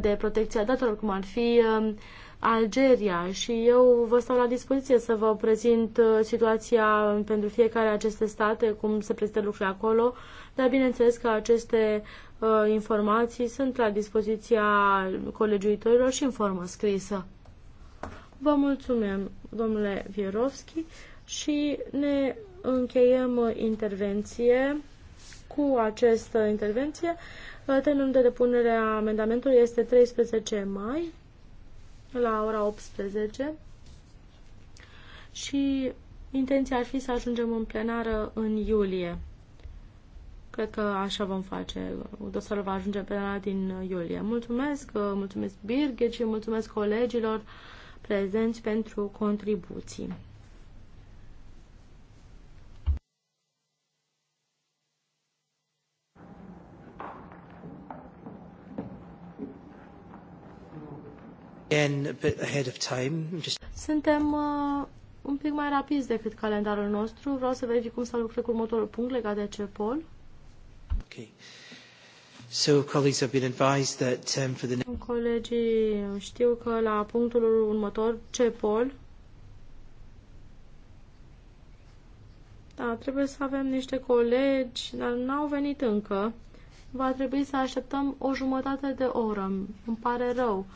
de protecție a datelor, cum ar fi um, Algeria și eu vă stau la dispoziție să vă prezint situația pentru fiecare aceste state, cum se prezintă lucrurile acolo dar bineînțeles că aceste uh, informații sunt la dispoziția colegiuitorilor și în formă scrisă. Vă mulțumim, domnule Vierovski, și ne încheiem uh, intervenție cu această intervenție. Uh, termenul de depunere a amendamentului este 13 mai la ora 18 și intenția ar fi să ajungem în plenară în iulie. Cred că așa vom face. Dosarul va ajunge pe la din iulie. Mulțumesc, mulțumesc Birgit și mulțumesc colegilor prezenți pentru contribuții. Suntem uh, un pic mai rapizi decât calendarul nostru. Vreau să verific cum s-a lucrat cu următorul punct legat de CEPOL. Okay. So, colleagues have been advised that um, for the Colegii știu că la punctul următor, CEPOL, da, trebuie să avem niște colegi, dar n-au venit încă. Va trebui să așteptăm o jumătate de oră. Îmi pare rău.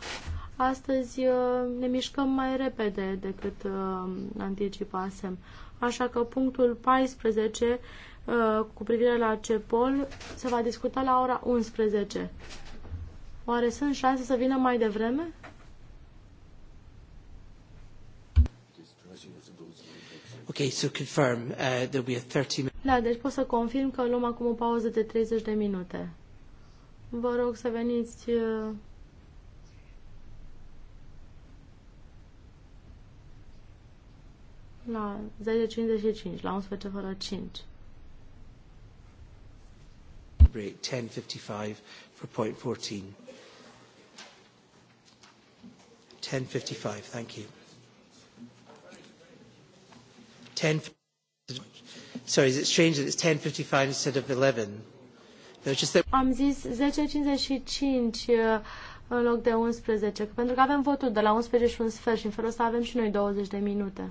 Astăzi uh, ne mișcăm mai repede decât uh, anticipasem. Așa că punctul 14 Uh, cu privire la CEPOL se va discuta la ora 11. Oare sunt șanse să vină mai devreme? Okay, so confirm uh, be a 30 Da, deci pot să confirm că luăm acum o pauză de 30 de minute. Vă rog să veniți uh, la 10.55, la 11 fără 5 break, 10.55 for point 14. 10.55, thank you. 10, sorry, is it strange that it's 10.55 instead of 11? No, it's just that... Am zis 10.55 uh, în loc de 11, pentru că avem votul de la 11 și un sfert și în felul ăsta avem și noi 20 de minute.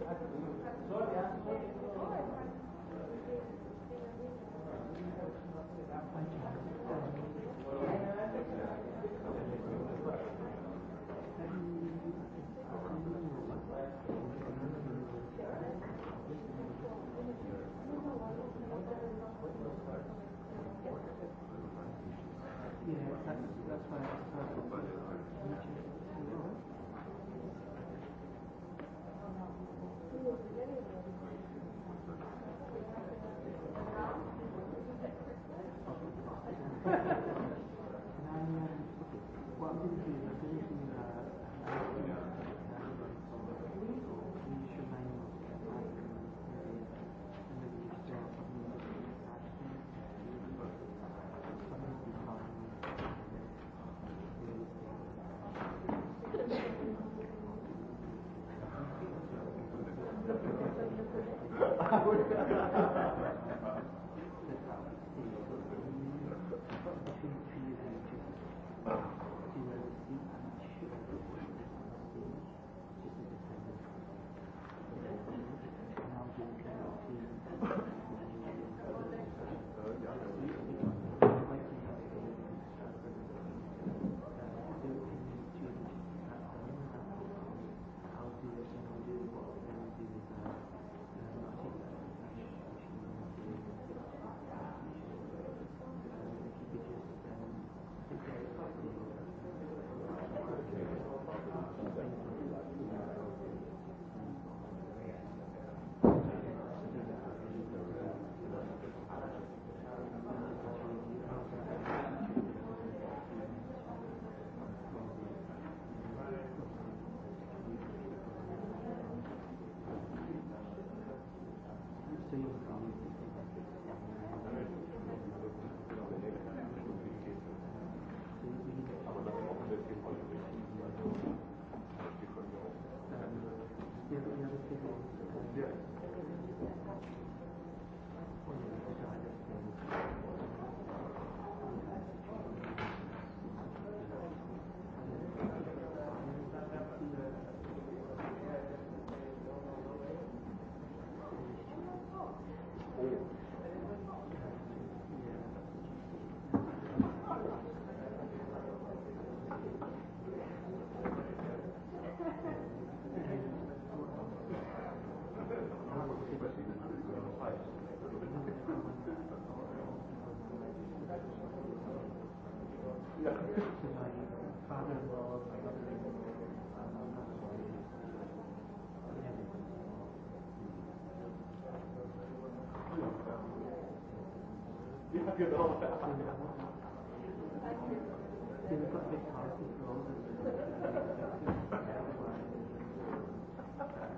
Gracias.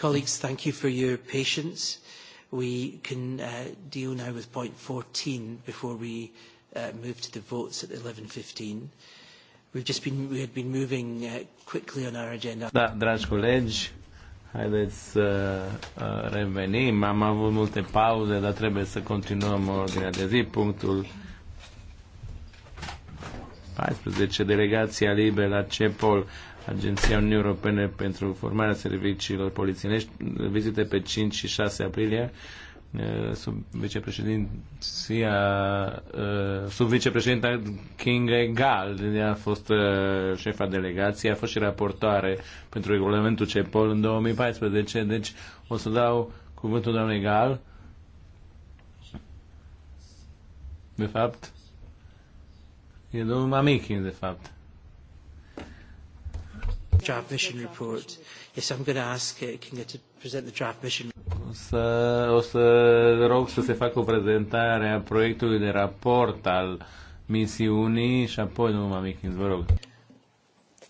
Colleagues, thank you for your patience. We can uh, deal now with point 14 before we uh, move to the votes at 11.15. We've just been, we had been moving uh, quickly on our agenda. Da, dragi colegi, haideți să uh, revenim. Am avut multe pauze, dar trebuie să continuăm ordinea de zi. Punctul 14, delegația liberă la CEPOL. Agenția Uniunii Europene pentru formarea serviciilor polițienești, vizite pe 5 și 6 aprilie, uh, sub vicepreședinția uh, sub vicepreședinta King Gal a fost uh, șefa delegației, a fost și raportoare pentru regulamentul CEPOL în 2014 deci o să dau cuvântul doamnei Gal de fapt e domnul Mamichin de fapt Draft mission report. Yes, I'm going to ask uh, Kinga to present the draft mission. O să, o să rog să se facă o prezentare a proiectului de raport al misiunii și apoi nu mai Mikins, vă rog.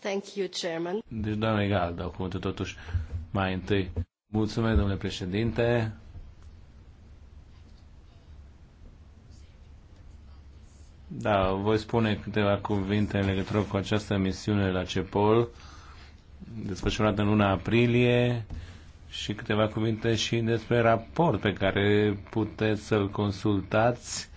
Thank you, Chairman. Deci, doamne, egal, dau cuvântul totuși mai întâi. Mulțumesc, domnule președinte. Da, voi spune câteva cuvinte în legătură cu această misiune la CEPOL. Uh, desfășurat în luna aprilie și câteva cuvinte și despre raport pe care puteți să-l consultați.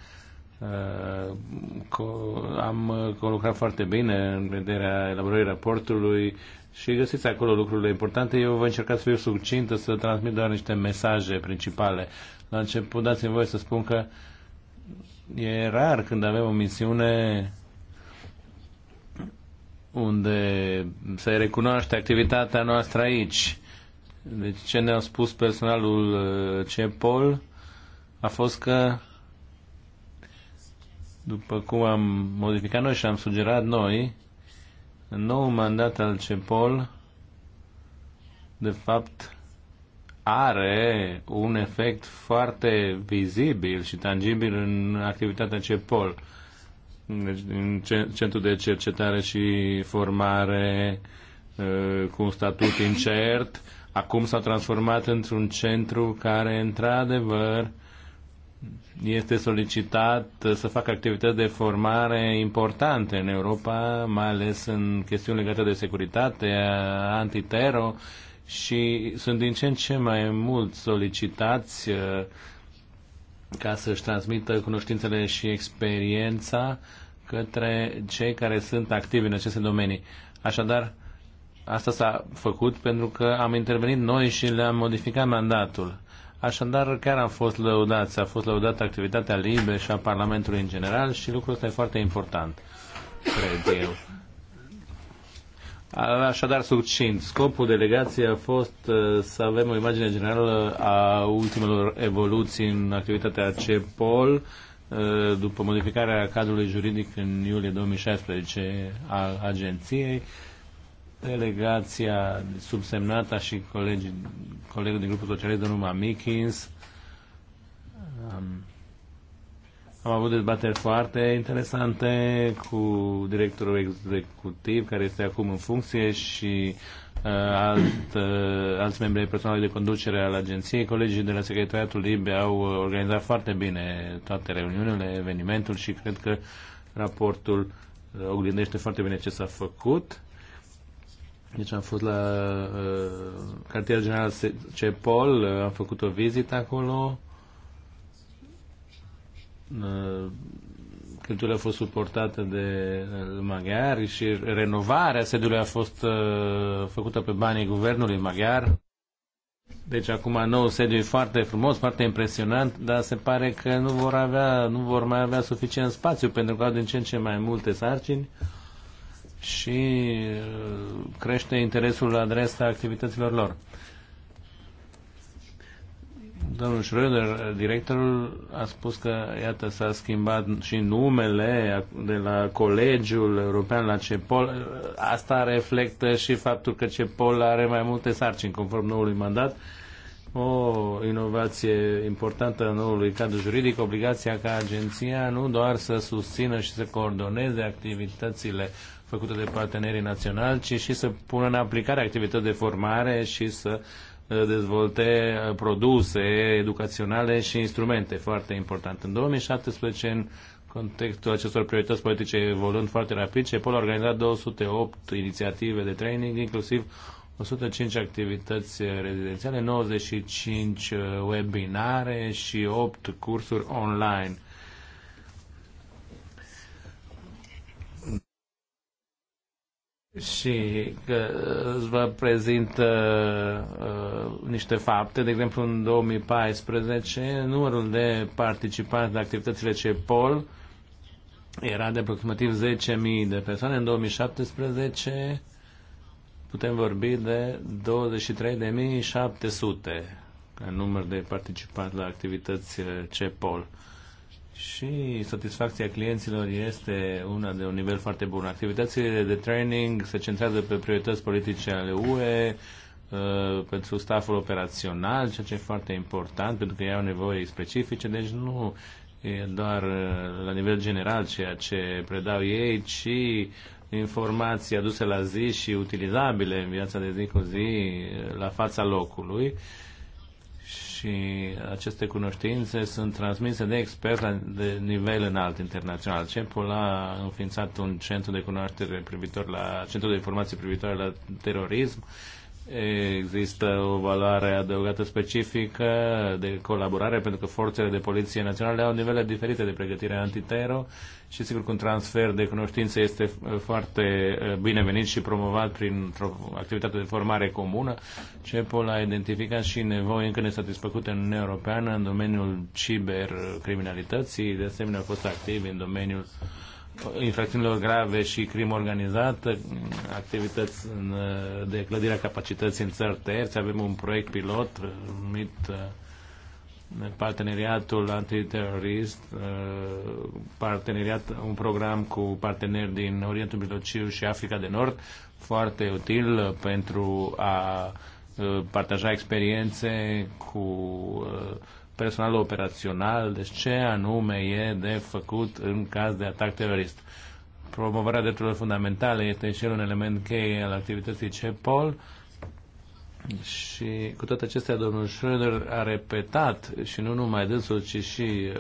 Uh, am lucrat foarte bine în vederea elaborării raportului și găsiți acolo lucrurile importante. Eu vă încerca să fiu succintă, să transmit doar niște mesaje principale. La început dați-mi voie să spun că e rar când avem o misiune unde se recunoaște activitatea noastră aici. Deci ce ne-a spus personalul uh, CEPOL a fost că după cum am modificat noi și am sugerat noi, în nou mandat al CEPOL, de fapt, are un efect foarte vizibil și tangibil în activitatea CEPOL în deci, centru de cercetare și formare uh, cu un statut incert, acum s-a transformat într-un centru care, într-adevăr, este solicitat să facă activități de formare importante în Europa, mai ales în chestiuni legate de securitate, antitero și sunt din ce în ce mai mult solicitați uh, ca să-și transmită cunoștințele și experiența uh, către cei care sunt activi în aceste domenii. Așadar, asta s-a făcut pentru că am intervenit noi și le-am modificat mandatul. Așadar, chiar am fost lăudați, a fost lăudată activitatea LIBE și a Parlamentului în general și lucrul ăsta e foarte important, cred eu. Așadar, succint, scopul delegației a fost uh, să avem o imagine generală a ultimelor evoluții în activitatea CEPOL, Uh, după modificarea cadrului juridic în iulie 2016 a agenției, delegația subsemnată și colegii, colegul din grupul socialist, domnul Mamikins, am avut dezbateri foarte interesante cu directorul executiv, care este acum în funcție, și Eh, alt, eh, alți membri ai personalului de conducere al agenției. Colegii de la Secretariatul Libe au organizat foarte bine toate reuniunile, evenimentul și cred că raportul oglindește foarte bine ce s-a făcut. Deci am fost la uh, cartierul general Cepol, uh, am făcut o vizită acolo. Uh, cheltuielile a fost suportate de maghiari și renovarea sediului a fost uh, făcută pe banii guvernului maghiar. Deci acum nou sediu e foarte frumos, foarte impresionant, dar se pare că nu vor, avea, nu vor mai avea suficient spațiu pentru că au din ce în ce mai multe sarcini și uh, crește interesul la adresa activităților lor. Domnul Schröder, directorul, a spus că, iată, s-a schimbat și numele de la Colegiul European la CEPOL. Asta reflectă și faptul că CEPOL are mai multe sarcini, conform noului mandat. O inovație importantă a noului cadru juridic, obligația ca agenția nu doar să susțină și să coordoneze activitățile făcute de partenerii naționali, ci și să pună în aplicare activități de formare și să uh, dezvolte uh, produse educaționale și instrumente, foarte important. În 2017, în contextul acestor priorități politice evoluând foarte rapid, CEPOL a organizat 208 inițiative de training, inclusiv 105 activități rezidențiale, 95 uh, webinare și 8 cursuri online. și că îți vă prezint uh, uh niște fapte. De exemplu, în 2014, numărul de participanți la activitățile CEPOL era de aproximativ 10.000 de persoane. În 2017 putem vorbi de 23.700 ca număr de participanți la activități uh, CEPOL și satisfacția clienților este una de un nivel foarte bun. Activitățile de training se centrează pe priorități politice ale UE, uh, pentru staful operațional, ceea ce e foarte important, pentru că ei au nevoi specifice, deci nu e doar uh, la nivel general ceea ce predau ei, ci informații aduse la zi și utilizabile în viața de zi cu zi uh, la fața locului și aceste cunoștințe sunt transmise de experți la de nivel înalt internațional. CEPOL a înființat un centru de cunoaștere privitor la, centru de informații privitoare la terorism Există o valoare adăugată specifică de colaborare pentru că forțele de poliție naționale au nivele diferite de pregătire antitero și sigur că un transfer de cunoștințe este foarte eh, binevenit și promovat printr-o activitate de formare comună. CEPOL a identificat și nevoi încă nesatisfăcute în Uniunea Europeană în domeniul cibercriminalității, de asemenea a fost activ în domeniul uh, infracțiunilor grave și crimă organizată, activități în, de clădirea capacității în țări terți. Avem un proiect pilot numit uh, Parteneriatul Antiterorist, uh, parteneriat, un program cu parteneri din Orientul Mijlociu și Africa de Nord, foarte util pentru a uh, partaja experiențe cu personal operațional, deci ce anume e de făcut în caz de atac terorist. Promovarea drepturilor fundamentale este și el un element cheie al activității CEPOL și cu toate acestea domnul Schröder a repetat și nu numai dânsul, ci și uh,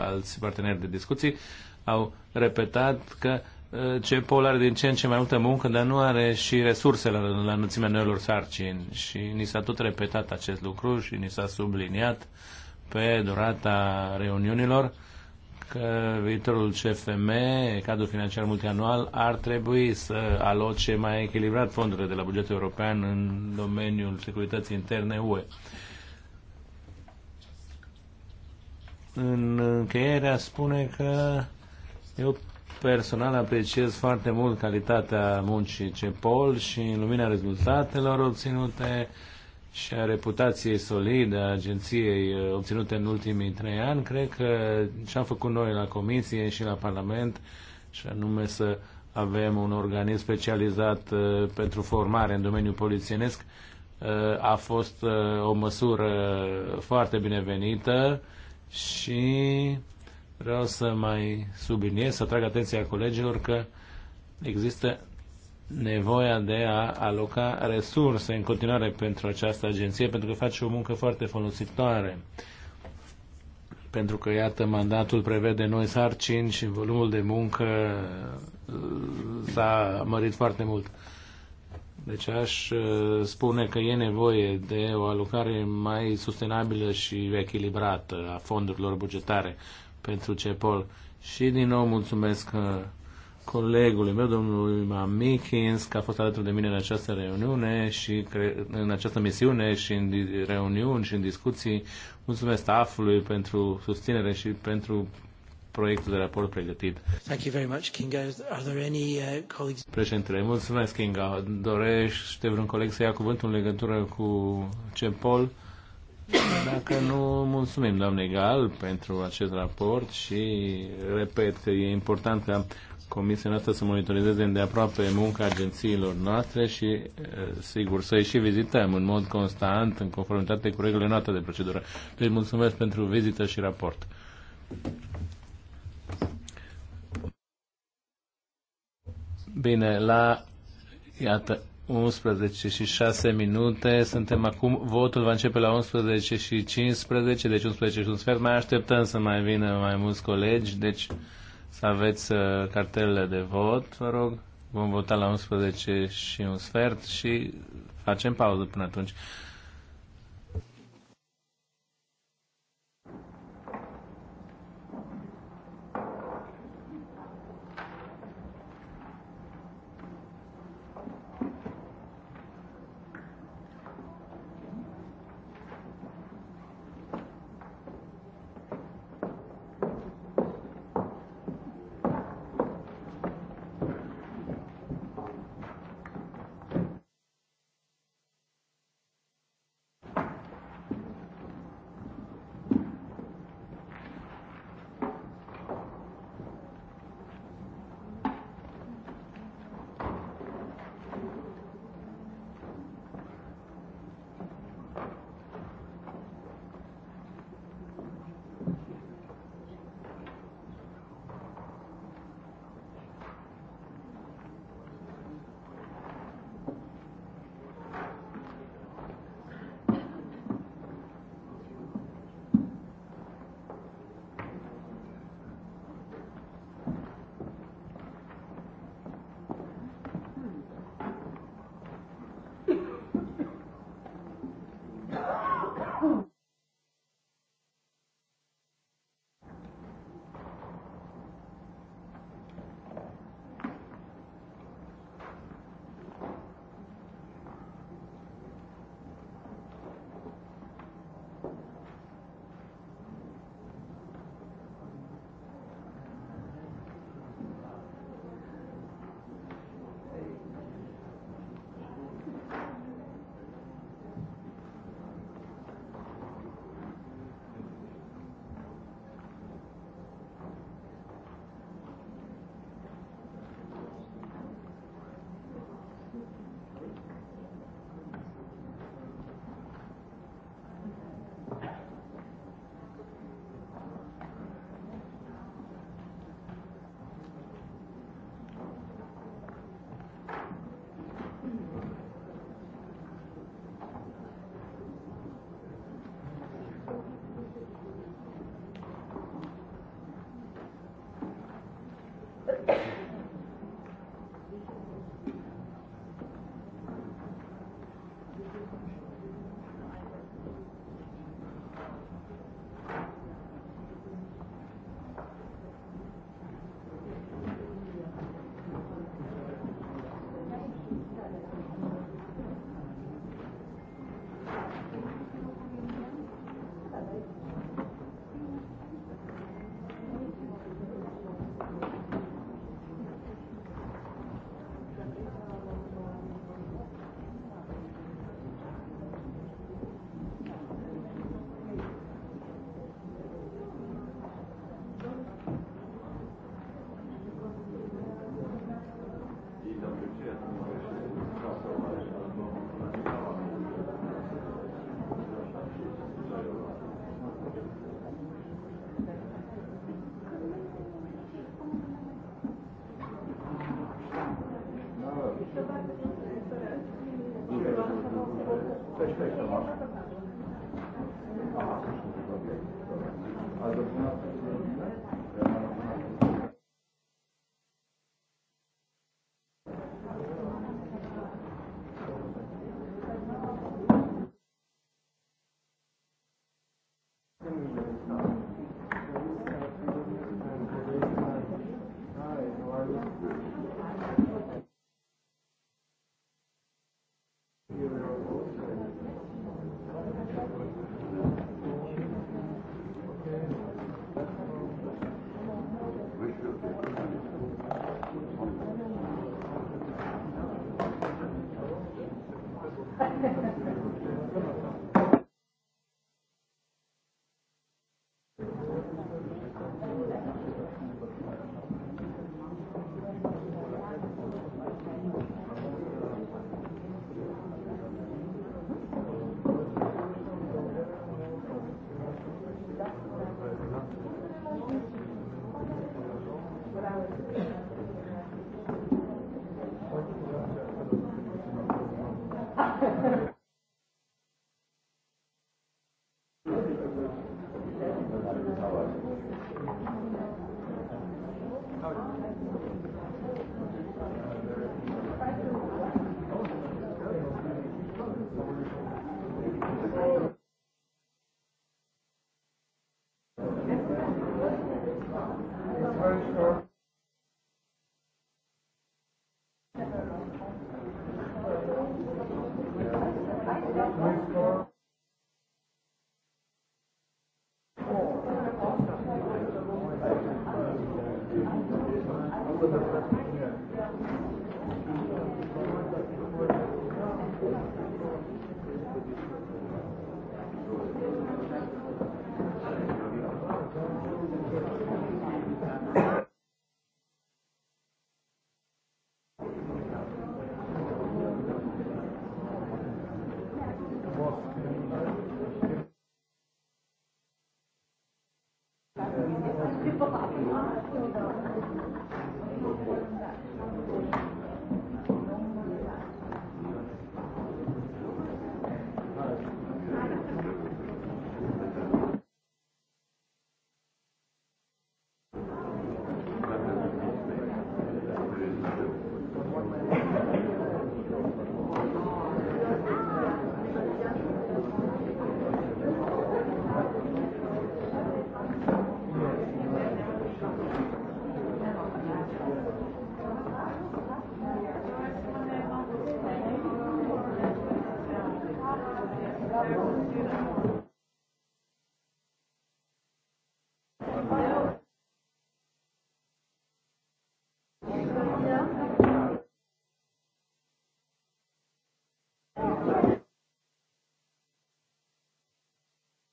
alți parteneri de discuții au repetat că ce uh, CEPOL are din ce în ce mai multă muncă, dar nu are și resursele la, la înălțimea noilor sarcini și ni s-a tot repetat acest lucru și ni s-a subliniat uh, pe durata reuniunilor că viitorul CFM, cadrul financiar multianual, ar trebui să aloce mai echilibrat fondurile de la bugetul european în domeniul securității interne UE. În încheierea spune că eu personal apreciez foarte mult calitatea muncii CEPOL și în lumina rezultatelor obținute și a reputației solide a agenției uh, obținute în ultimii trei ani, cred că ce am făcut noi la Comisie și la Parlament, și anume să avem un organism specializat uh, pentru formare în domeniul polițienesc, uh, a fost o măsură foarte binevenită și vreau să mai subliniez, să atrag atenția colegilor că există nevoia de a aloca resurse în continuare pentru această agenție, pentru că face o muncă foarte folositoare. Pentru că, iată, mandatul prevede noi sarcini și volumul de muncă uh, s-a mărit foarte mult. Deci aș uh, spune că e nevoie de o alocare mai sustenabilă și echilibrată a fondurilor bugetare pentru CEPOL. Și din nou mulțumesc uh, colegului meu, domnul Mamichins, că a fost alături de mine în această reuniune și în această misiune și în reuniuni și în discuții. Mulțumesc staffului pentru susținere și pentru proiectul de raport pregătit. Thank you very much, Kinga. Are there any uh, colleagues? Președintele, mulțumesc, Kinga. Dorește vreun coleg să ia cuvântul în legătură cu CEPOL? Dacă nu, mulțumim, doamne Gal, pentru acest raport și, repet, e important ca comisia noastră să monitorizeze îndeaproape munca agențiilor noastre și, eh, sigur, să-i și vizităm în mod constant, în conformitate cu regulile noastre de procedură. Deci mulțumesc pentru vizită și raport. Bine, la, iată, 11 și 6 minute. Suntem acum, votul va începe la 11 și 15, deci 11 și un sfert. Mai așteptăm să mai vină mai mulți colegi, deci să aveți uh, cartelele de vot, vă rog. Vom vota la 11 și un sfert și facem pauză până atunci.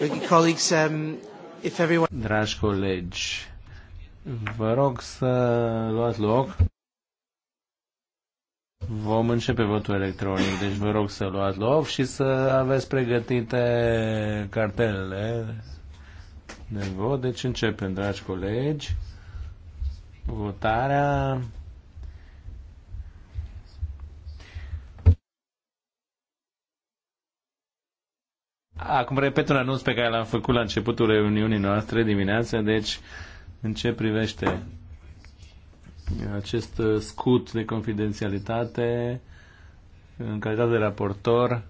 Um, dragi colegi, vă rog să luați loc. Vom începe votul electronic, deci vă rog să luați loc și să aveți pregătite cartelele de vot. Deci începem, dragi colegi. Votarea. Acum repet un anunț pe care l-am făcut la începutul reuniunii noastre dimineața, deci în ce privește acest scut de confidențialitate, în calitate de raportor,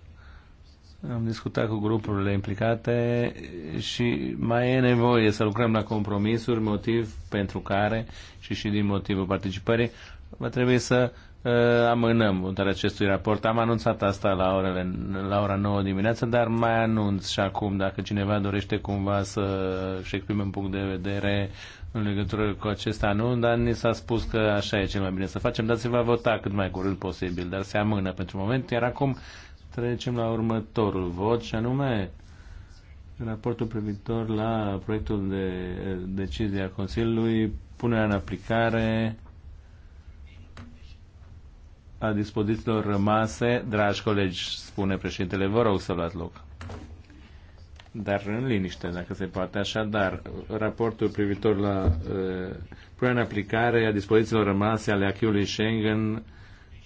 am discutat cu grupurile implicate și mai e nevoie să lucrăm la compromisuri, motiv pentru care și și din motivul participării va trebui să Eh, amânăm votarea acestui raport. Am anunțat asta la, orele, la ora 9 dimineața, dar mai anunț și acum dacă cineva dorește cumva să-și exprime un punct de vedere în legătură cu acest anunț, dar ni s-a spus că așa e cel mai bine să facem, dar se va vota cât mai curând posibil, dar se amână pentru moment, iar acum trecem la următorul vot și anume raportul privitor la proiectul de decizie a Consiliului, punerea în aplicare a dispozițiilor rămase, dragi colegi, spune președintele, vă rog să luați loc. Dar în liniște, dacă se poate. așa, dar raportul privitor la uh, punerea în aplicare a dispozițiilor rămase ale acquis Schengen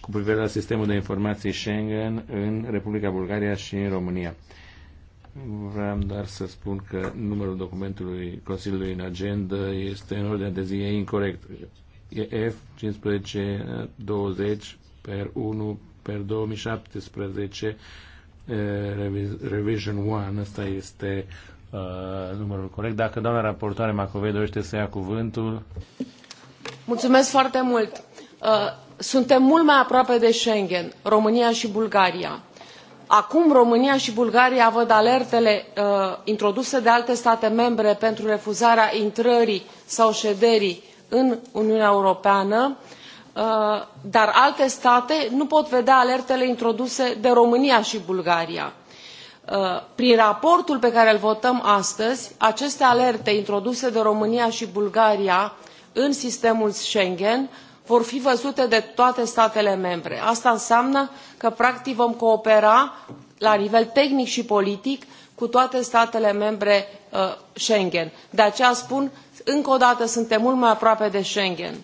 cu privire la sistemul de informații Schengen în Republica Bulgaria și în România. Vreau doar să spun că numărul documentului Consiliului în agenda este în ordine de zi e incorrect. E F 1520 per 1 per 2017 Revision 1, Asta este uh, numărul corect. Dacă doamna raportoare Macovei dorește să ia cuvântul. Mulțumesc foarte mult. Uh, suntem mult mai aproape de Schengen, România și Bulgaria. Acum România și Bulgaria văd alertele uh, introduse de alte state membre pentru refuzarea intrării sau șederii în Uniunea Europeană. Uh, Uh, dar alte state nu pot vedea alertele introduse de românia și bulgaria. Uh, prin raportul pe care îl votăm astăzi aceste alerte introduse de românia și bulgaria în sistemul schengen vor fi văzute de toate statele membre. asta înseamnă că practic vom coopera la nivel tehnic și politic cu toate statele membre uh, schengen. de aceea spun încă o dată suntem mult mai aproape de schengen.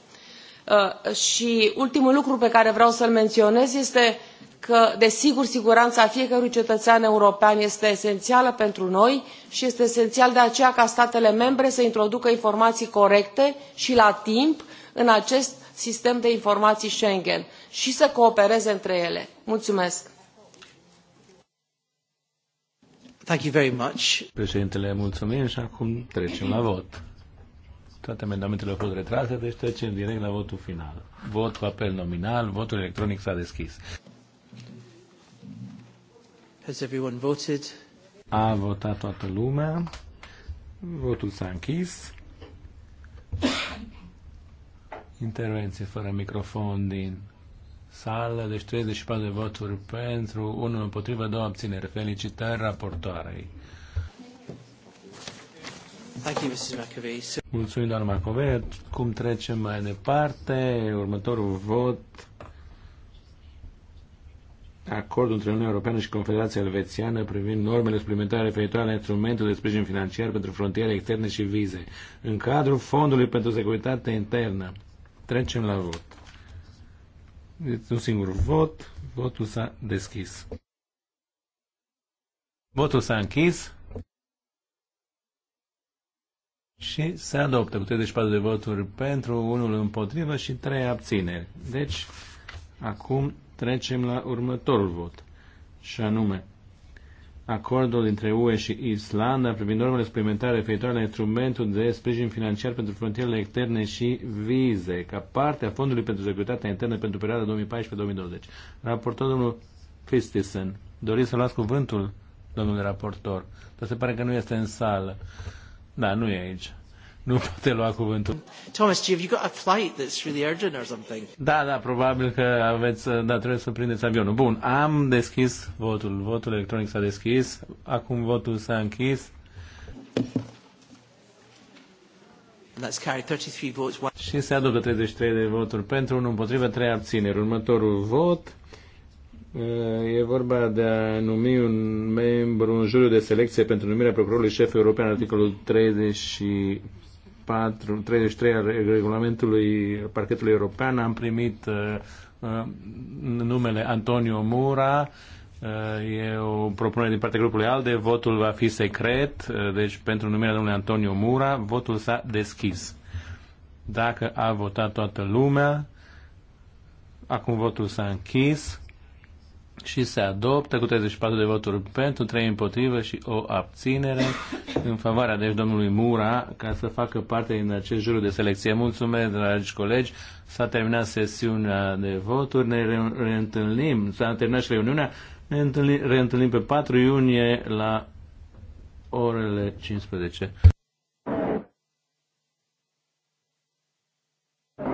Uh, și ultimul lucru pe care vreau să l menționez este că desigur siguranța fiecărui cetățean european este esențială pentru noi și este esențial de aceea ca statele membre să introducă informații corecte și la timp în acest sistem de informații schengen și să coopereze între ele. mulțumesc. Thank you very much. Președintele, mulțumim și acum trecem la vot. Toate amendamentele au fost retrase, deci trecem direct la votul final. Vot cu apel nominal, votul electronic s-a deschis. Has everyone voted? A votat toată lumea. Votul s-a închis. Intervenție fără microfon din sală, deci 34 de voturi pentru, 1 împotrivă, 2 abțineri. Felicitări raportoarei. Mulțumim, doamna Macovei. Cum trecem mai departe? Următorul vot. Acordul între Uniunea Europeană și Confederația Elvețiană privind normele suplimentare referitoare la instrumentul de sprijin financiar pentru frontiere externe și vize, în cadrul Fondului pentru Securitate Internă. Trecem la vot. Este un singur vot. Votul s-a deschis. Votul s-a închis și se adoptă cu 34 de voturi pentru, unul împotrivă și trei abțineri. Deci, acum trecem la următorul vot, și anume acordul dintre UE și Islanda privind normele suplimentare referitoare la instrumentul de sprijin financiar pentru frontierele externe și vize, ca parte a Fondului pentru Securitatea Internă pentru perioada 2014-2020. Raportor domnul Christensen. Doriți să luați cuvântul, domnule raportor, dar se pare că nu este în sală. Da, nu e aici. Nu poate lua cuvântul. Thomas, have you got a flight that's really urgent or something? Da, da, probabil că aveți, uh, da, trebuie să prindeți avionul. Bun, am deschis votul. Votul electronic s-a deschis. Acum votul s-a închis. Let's carry 33 votes. Și se adoptă 33 de voturi pentru, 1 împotrivă, 3 abțineri. Următorul vot E vorba de a numi un membru în juriu de selecție pentru numirea procurorului șef european, articolul 34, 33 al regulamentului parchetului european. Am primit uh, uh, numele Antonio Mura. Uh, e o propunere din partea grupului ALDE. Votul va fi secret, uh, deci pentru numirea domnului Antonio Mura, votul s-a deschis. Dacă a votat toată lumea, acum votul s-a închis și se adoptă cu 34 de voturi pentru, 3 împotrivă și o abținere în favoarea, deci, domnului Mura, ca să facă parte din acest jur de selecție. Mulțumesc, dragi colegi, s-a terminat sesiunea de voturi, ne reîntâlnim, s-a terminat și reuniunea, ne întâlnim, reîntâlnim pe 4 iunie la orele 15.